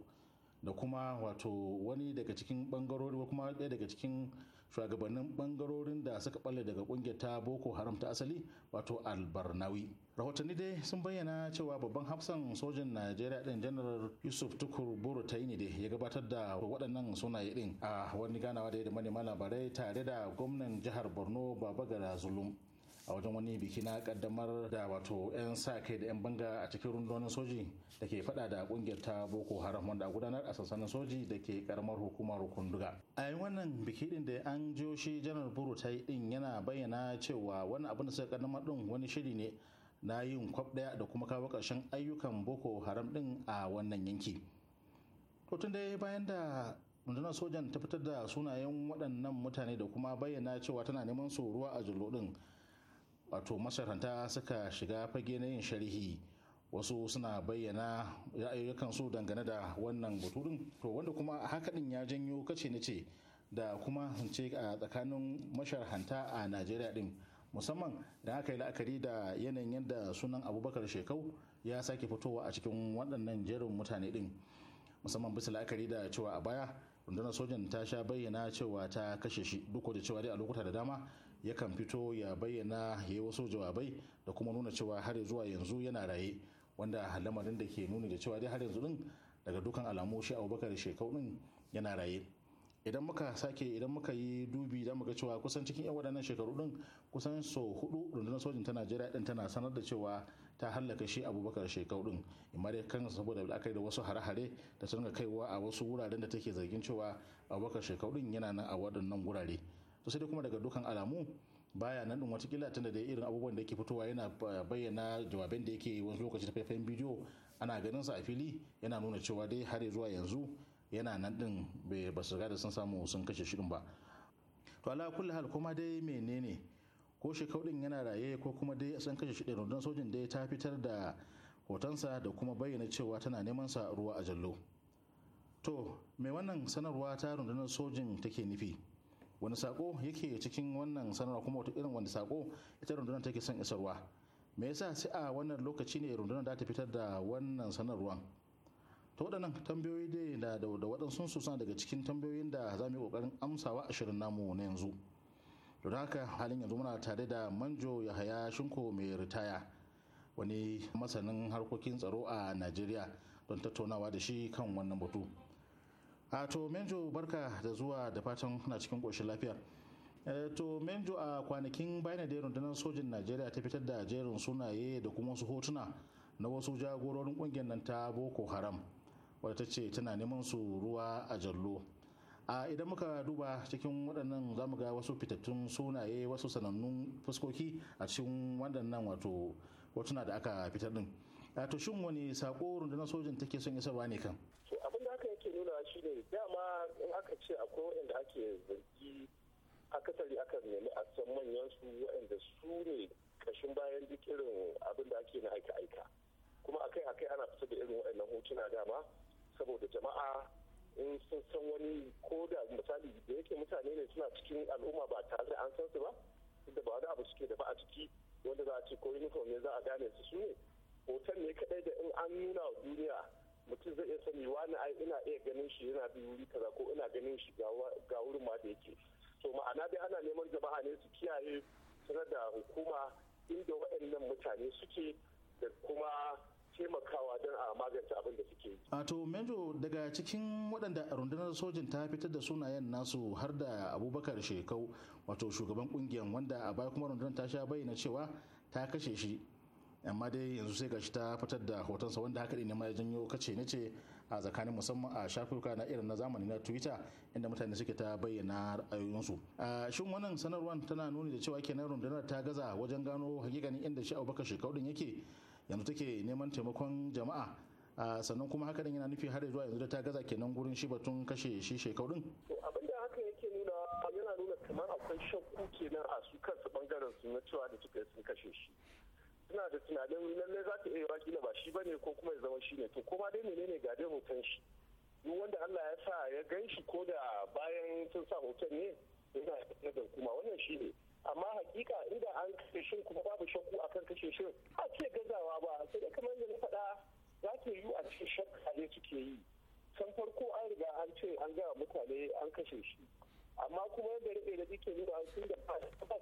da kuma wato wani daga cikin ɓangarori kuma ɗaya daga cikin shugabannin ɓangarorin da suka ɓalle daga ƙungiyar ta boko haram ta asali wato albarnawi rahotanni dai sun bayyana cewa babban hafsan sojin najeriya din janar yusuf tukur buru ta ne ya gabatar da waɗannan sunaye din a wani ganawa da da manema labarai tare da gwamnan jihar borno babagara zulum a wajen wani biki na kaddamar da wato 'yan sa kai da 'yan banga a cikin rundunar soji da ke fada da kungiyar ta boko haram wanda a gudanar a sansanin soji da ke karamar hukumar kunduga a yayin wannan biki din da an jiyo shi janar buru ta yi din yana bayyana cewa wani abin da suka kaddamar din wani shiri ne na yin kwab daya da kuma kawo karshen ayyukan boko haram din a wannan yanki tun dai bayan da rundunar sojan ta fitar da sunayen waɗannan mutane da kuma bayyana cewa tana neman su ruwa a jirgin din wato masaranta suka shiga fage na yin sharhi wasu suna bayyana ra'ayoyinsu dangane da wannan baturin to wanda kuma haka din ya janyo kace na ce da kuma ce a tsakanin masharhanta a najeriya din musamman da aka yi la'akari da yanayin yadda sunan abubakar shekau ya sake fitowa a cikin waɗannan jerin mutane ɗin musamman bisa la'akari da cewa a baya rundunar sojan ta sha bayyana cewa ta kashe shi duk da cewa dai a lokuta da dama yakan fito ya bayyana ya yi wasu jawabai da kuma nuna cewa har zuwa yanzu yana raye wanda lamarin da ke nuni da cewa dai har yanzu ɗin daga dukan alamu shi abubakar shekau ɗin yana raye idan muka sake idan muka yi dubi za mu ga cewa kusan cikin 'yan waɗannan shekaru din kusan sau hudu rundunar sojin ta najeriya din tana sanar da cewa ta hallaka shi abubakar shekaru din imar kan saboda aka yi da wasu hare-hare da ta dinga kaiwa a wasu wuraren da take zargin cewa abubakar shekaru din yana nan a waɗannan wurare to sai dai kuma daga dukan alamu baya nan din watakila tun da irin abubuwan da yake fitowa yana bayyana jawaben da yake wani lokaci ta faifan bidiyo ana ganin sa a fili yana nuna cewa dai har zuwa yanzu yana nan din ba su da sun samu sun kashe shi din ba to ala kulli hal kuma dai menene ko shi kaudin yana raye ko kuma dai sun kashe shi din rundunar sojin dai ta fitar da hotonsa da kuma bayyana cewa tana neman sa ruwa a jallo to me wannan sanarwa ta rundunar sojin take nufi wani sako yake cikin wannan sanarwa kuma wata irin wani sako ita rundunar take son isarwa me yasa sai a wannan lokaci ne rundunar da ta fitar da wannan sanarwar to waɗannan tambayoyi dai da da waɗansu su suna daga cikin tambayoyin da za mu yi ƙoƙarin amsawa a shirin namu na yanzu don haka halin yanzu muna tare da manjo yahaya shinko mai ritaya wani masanin harkokin tsaro a najeriya don tattaunawa da shi kan wannan batu a to menjo barka da zuwa da fatan na cikin ƙoshin lafiya e, to menjo a kwanakin bayan da rundunar sojin najeriya ta fitar da jerin sunaye da kuma wasu hotuna na wasu jagororin ƙungiyar nan ta boko haram wadda ta ce tana neman su ruwa a jallo a idan muka duba cikin waɗannan zamu ga wasu fitattun sunaye wasu sanannun fuskoki a cikin waɗannan wato hotuna da aka fitar din a to shin wani sako rundunar sojin take son isa isarwa ne kan abin da haka yake nuna shi ne dama in aka ce akwai waɗanda ake zargi akasari aka nemi a san manyan su waɗanda su kashin bayan duk irin abin da ake na aika-aika kuma akai-akai ana fitar da irin waɗannan hotuna dama saboda jama'a in sun san wani ko da misali da yake mutane ne suna cikin al'umma ba tare da an san su ba da ba wani abu suke da ba a ciki wanda za a ce ko uniform ne za a gane su su ne hoton ne kadai da in an nuna wa duniya mutum zai iya sani wani ai ina iya ganin shi yana bi wuri kaza ko ina ganin shi ga wurin ma da yake to ma'ana dai ana neman jama'a ne su kiyaye sanar da hukuma inda waɗannan mutane suke da kuma taimakawa don a magance abin da suke yi. to daga cikin waɗanda rundunar sojin ta fitar da sunayen nasu har da Abubakar Shekau wato shugaban kungiyar wanda a baya kuma rundunar ta sha bayyana cewa ta kashe shi amma dai yanzu sai gashi ta fitar da hotonsa wanda haka ne ma ya janyo kace ne ce a tsakanin musamman a shafuka na irin na zamani na twitter inda mutane suke ta bayyana ra'ayoyinsu shin wannan sanarwar tana nuni da cewa kenan rundunar ta gaza wajen gano hakikanin inda shi abubakar shekau din yake yanzu take neman taimakon jama'a sannan kuma haka yana nufi har zuwa yanzu da ta gaza kenan gurin shi batun kashe shi shekarun abin da haka yake nuna yana nuna kamar akwai shakku kenan a su kansu bangaren su na cewa da suka sun kashe shi suna da tunanin lallai za ta iya yawa ba shi bane ko kuma ya zama shi ne to kuma dai menene ga dai hoton shi duk wanda Allah ya sa ya gan shi ko da bayan sun sa hoton ne yana da kuma wannan shi ne amma hakika inda an kashe shin kuma babu shakku akan kashe shin a ce gazawa ba sai kamar da na faɗa za ta yi a cikin shakka ne suke yi san farko an riga an ce an gaya mutane an kashe shi amma kuma yadda rike da ke nuna sun da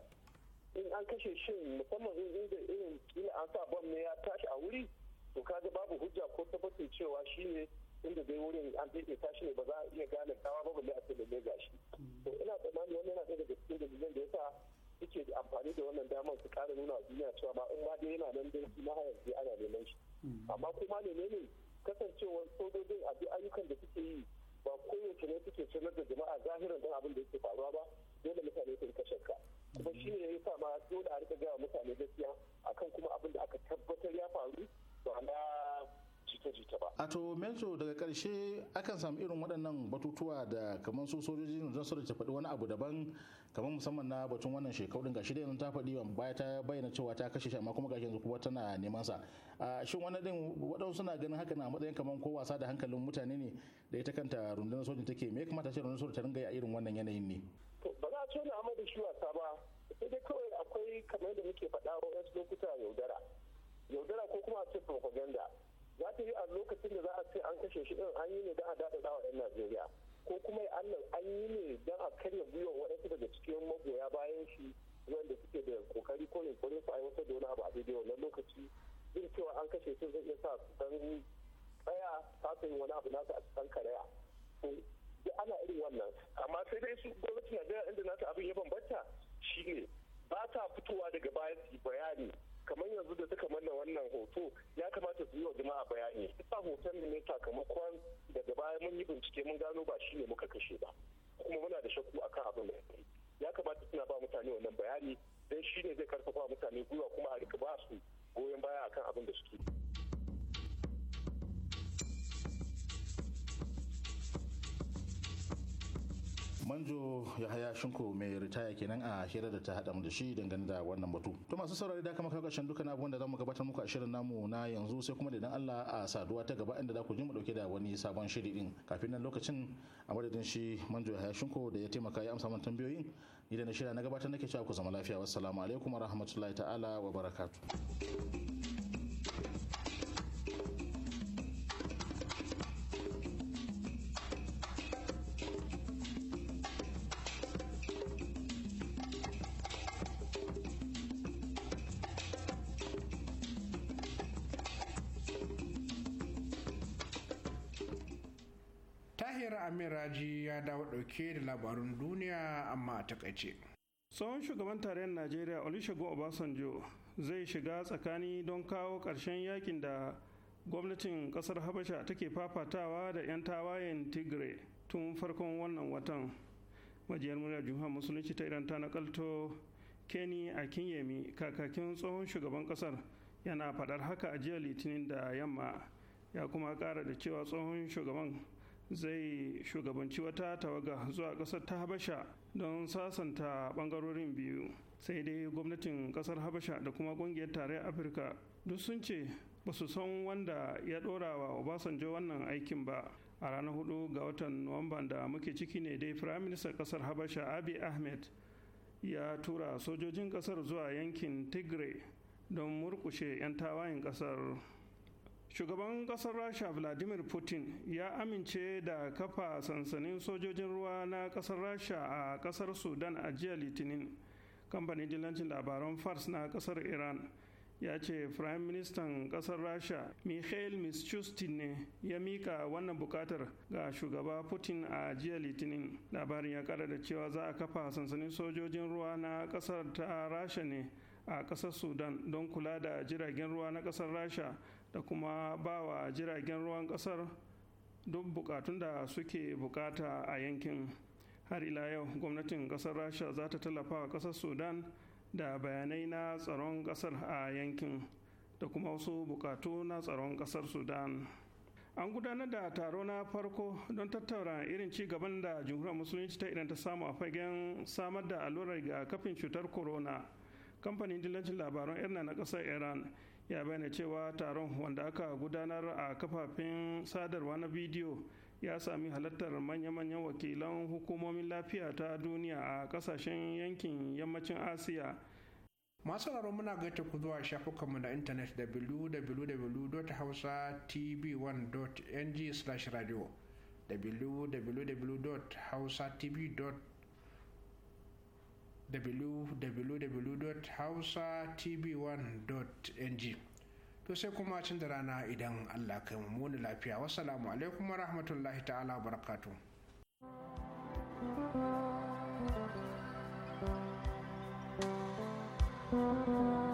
in an kashe shi musamman in inda irin kila an sa bom ne ya tashi a wuri to kaga babu hujja ko tabbatin cewa shi ne inda dai wurin an daɗe tashi ne ba za a iya gane kawa ba balle a ce ne gashi to ina tsammani wani yana ɗaya daga cikin dalilan da sa. suke amfani da wannan damar su kara nuna a duniya cewa ba in ma dai yana nan dai su mahayar yanzu ana neman shi hmm. amma kuma ne ne kasancewar sojojin a duk ayyukan da suke yi ba koyaushe ne suke sanar da jama'a zahirin don abin da yake faruwa ba dole mutane su rika shakka kuma shi ne ya sa ma dole a rika gaya mutane gaskiya akan kuma abin da aka tabbatar ya faru ba na jita-jita ba. A to Mento daga karshe akan samu irin waɗannan batutuwa da kamar su sojoji don su ta faɗi wani abu daban kamar musamman na batun wannan shekau ɗin gashi da yanzu ta faɗi baya ta bayyana cewa ta kashe shi amma kuma gashi yanzu kuma tana neman sa. Shin wani ɗin waɗansu suna ganin haka na matsayin kamar ko wasa da hankalin mutane ne da ita kanta rundunar sojin take me ya kamata ce rundunar sojin ta ringa a irin wannan yanayin ne. Ba za a ce na amma da shi wasa ba sai dai kawai akwai kamar da muke faɗa wasu lokuta yaudara. yaudara ko kuma a ce propaganda za ta yi a lokacin da za a ce an kashe shi ɗin an yi ne don a daɗaɗa wa 'yan najeriya ko kuma ya allah an yi ne don a karya gwiwa waɗansu daga cikin magoya bayan shi wanda suke da kokari ko ne kwarin su aiwatar da wani abu a daidai wannan lokaci zai cewa an kashe su zai iya sa su dan tsaya sasin wani abu nasu a cikin karaya duk ana irin wannan amma sai dai su gwamnati najeriya inda nasu abin ya bambanta shine ba ta fitowa daga baya su bayani kamar yanzu da suka manna wannan hoto ya kamata su yi wa jama'a bayani sa hoton ne sakamakon daga baya mun yi bincike mun gano ba shi ne muka kashe ba kuma muna da shakku akan abin da ya kamata suna ba mutane wannan bayani don shi ne zai karfafa mutane gwiwa kuma a rika ba su goyon baya akan abin da suke manjo yahaya shinko mai ritaya kenan a hira da ta hada mu da shi dangane da wannan batu to masu saurari da kama kakashin dukkan abubuwan da zamu gabatar muku a shirin namu na yanzu sai kuma da idan Allah a saduwa ta gaba inda za ku ji mu dauke da wani sabon shiri din kafin nan lokacin a madadin shi manjo yahaya shinko da ya taimaka ya amsa mun tambayoyin ni da na shirya na gabatar nake cewa ku zama lafiya wassalamu alaikum wa rahmatullahi ta'ala wa barakatuh amir raji ya dawo dauke da labarun duniya amma a takaice tsohon shugaban tarayyar najeriya olusegun obasanjo zai shiga tsakani don kawo ƙarshen yakin da gwamnatin ƙasar habasha take fafatawa da 'yan tawayen tigray tun farkon wannan watan majiyar murya jihar musulunci ta idan ta nakalto kenny akinyemi kakakin tsohon shugaban ƙasar yana faɗar haka a jiya litinin da yamma ya kuma ƙara da cewa tsohon shugaban zai shugabanci wata tawaga zuwa ƙasar ta habasha don sasanta ɓangarorin biyu sai dai gwamnatin ƙasar habasha da kuma ƙungiyar tarayyar afirka duk sun ce ba su san wanda ya ɗora wa obasanjo wannan aikin ba a ranar hudu ga watan nuwamba da muke ciki ne dai Firayim firaministan ƙasar habasha abi ahmed ya tura sojojin ƙasar zuwa yankin tigray don murkushe 'yan tawayen ƙasar shugaban kasar rasha vladimir putin ya amince da kafa sansanin sojojin ruwa na kasar rasha a kasar sudan a jiya litinin kamfanin dillancin labaran fars na kasar iran ya ce prime ƙasar kasar rasha mikhail mischustin ne ya mika wannan bukatar ga shugaba putin a jiya litinin labarin ya kara da cewa za a kafa sansanin sojojin ruwa na kasar ta rasha ne a kasar sudan don kula da jiragen ruwa na kasar rasha da kuma ba wa jiragen ruwan kasar duk bukatun da suke bukata a yankin har ila yau gwamnatin kasar rasha za ta tallafa wa kasar sudan da bayanai na tsaron kasar a yankin da kuma wasu bukatu na tsaron kasar sudan an gudanar da taro na farko don tattauna irin ci gaban da jamhuriyar musulunci ta idan ta samu a fagen samar da allurar ga kafin cutar corona kamfanin dillancin labaran irna na kasar iran ya bayyana cewa taron wanda aka gudanar a kafafen sadarwa na bidiyo ya sami halartar manya-manyan wakilan hukumomin lafiya ta duniya a kasashen yankin yammacin asiya masu tsaron muna gaita ku zuwa shafukanmu na intanet www.hausatv1.ng/radio www.hausatv.ng www.hausatv1.ng to sai kuma cin da rana idan allah kai mu lafiya wasalamu alaikum rahmatullahi ta'ala barakatu. thank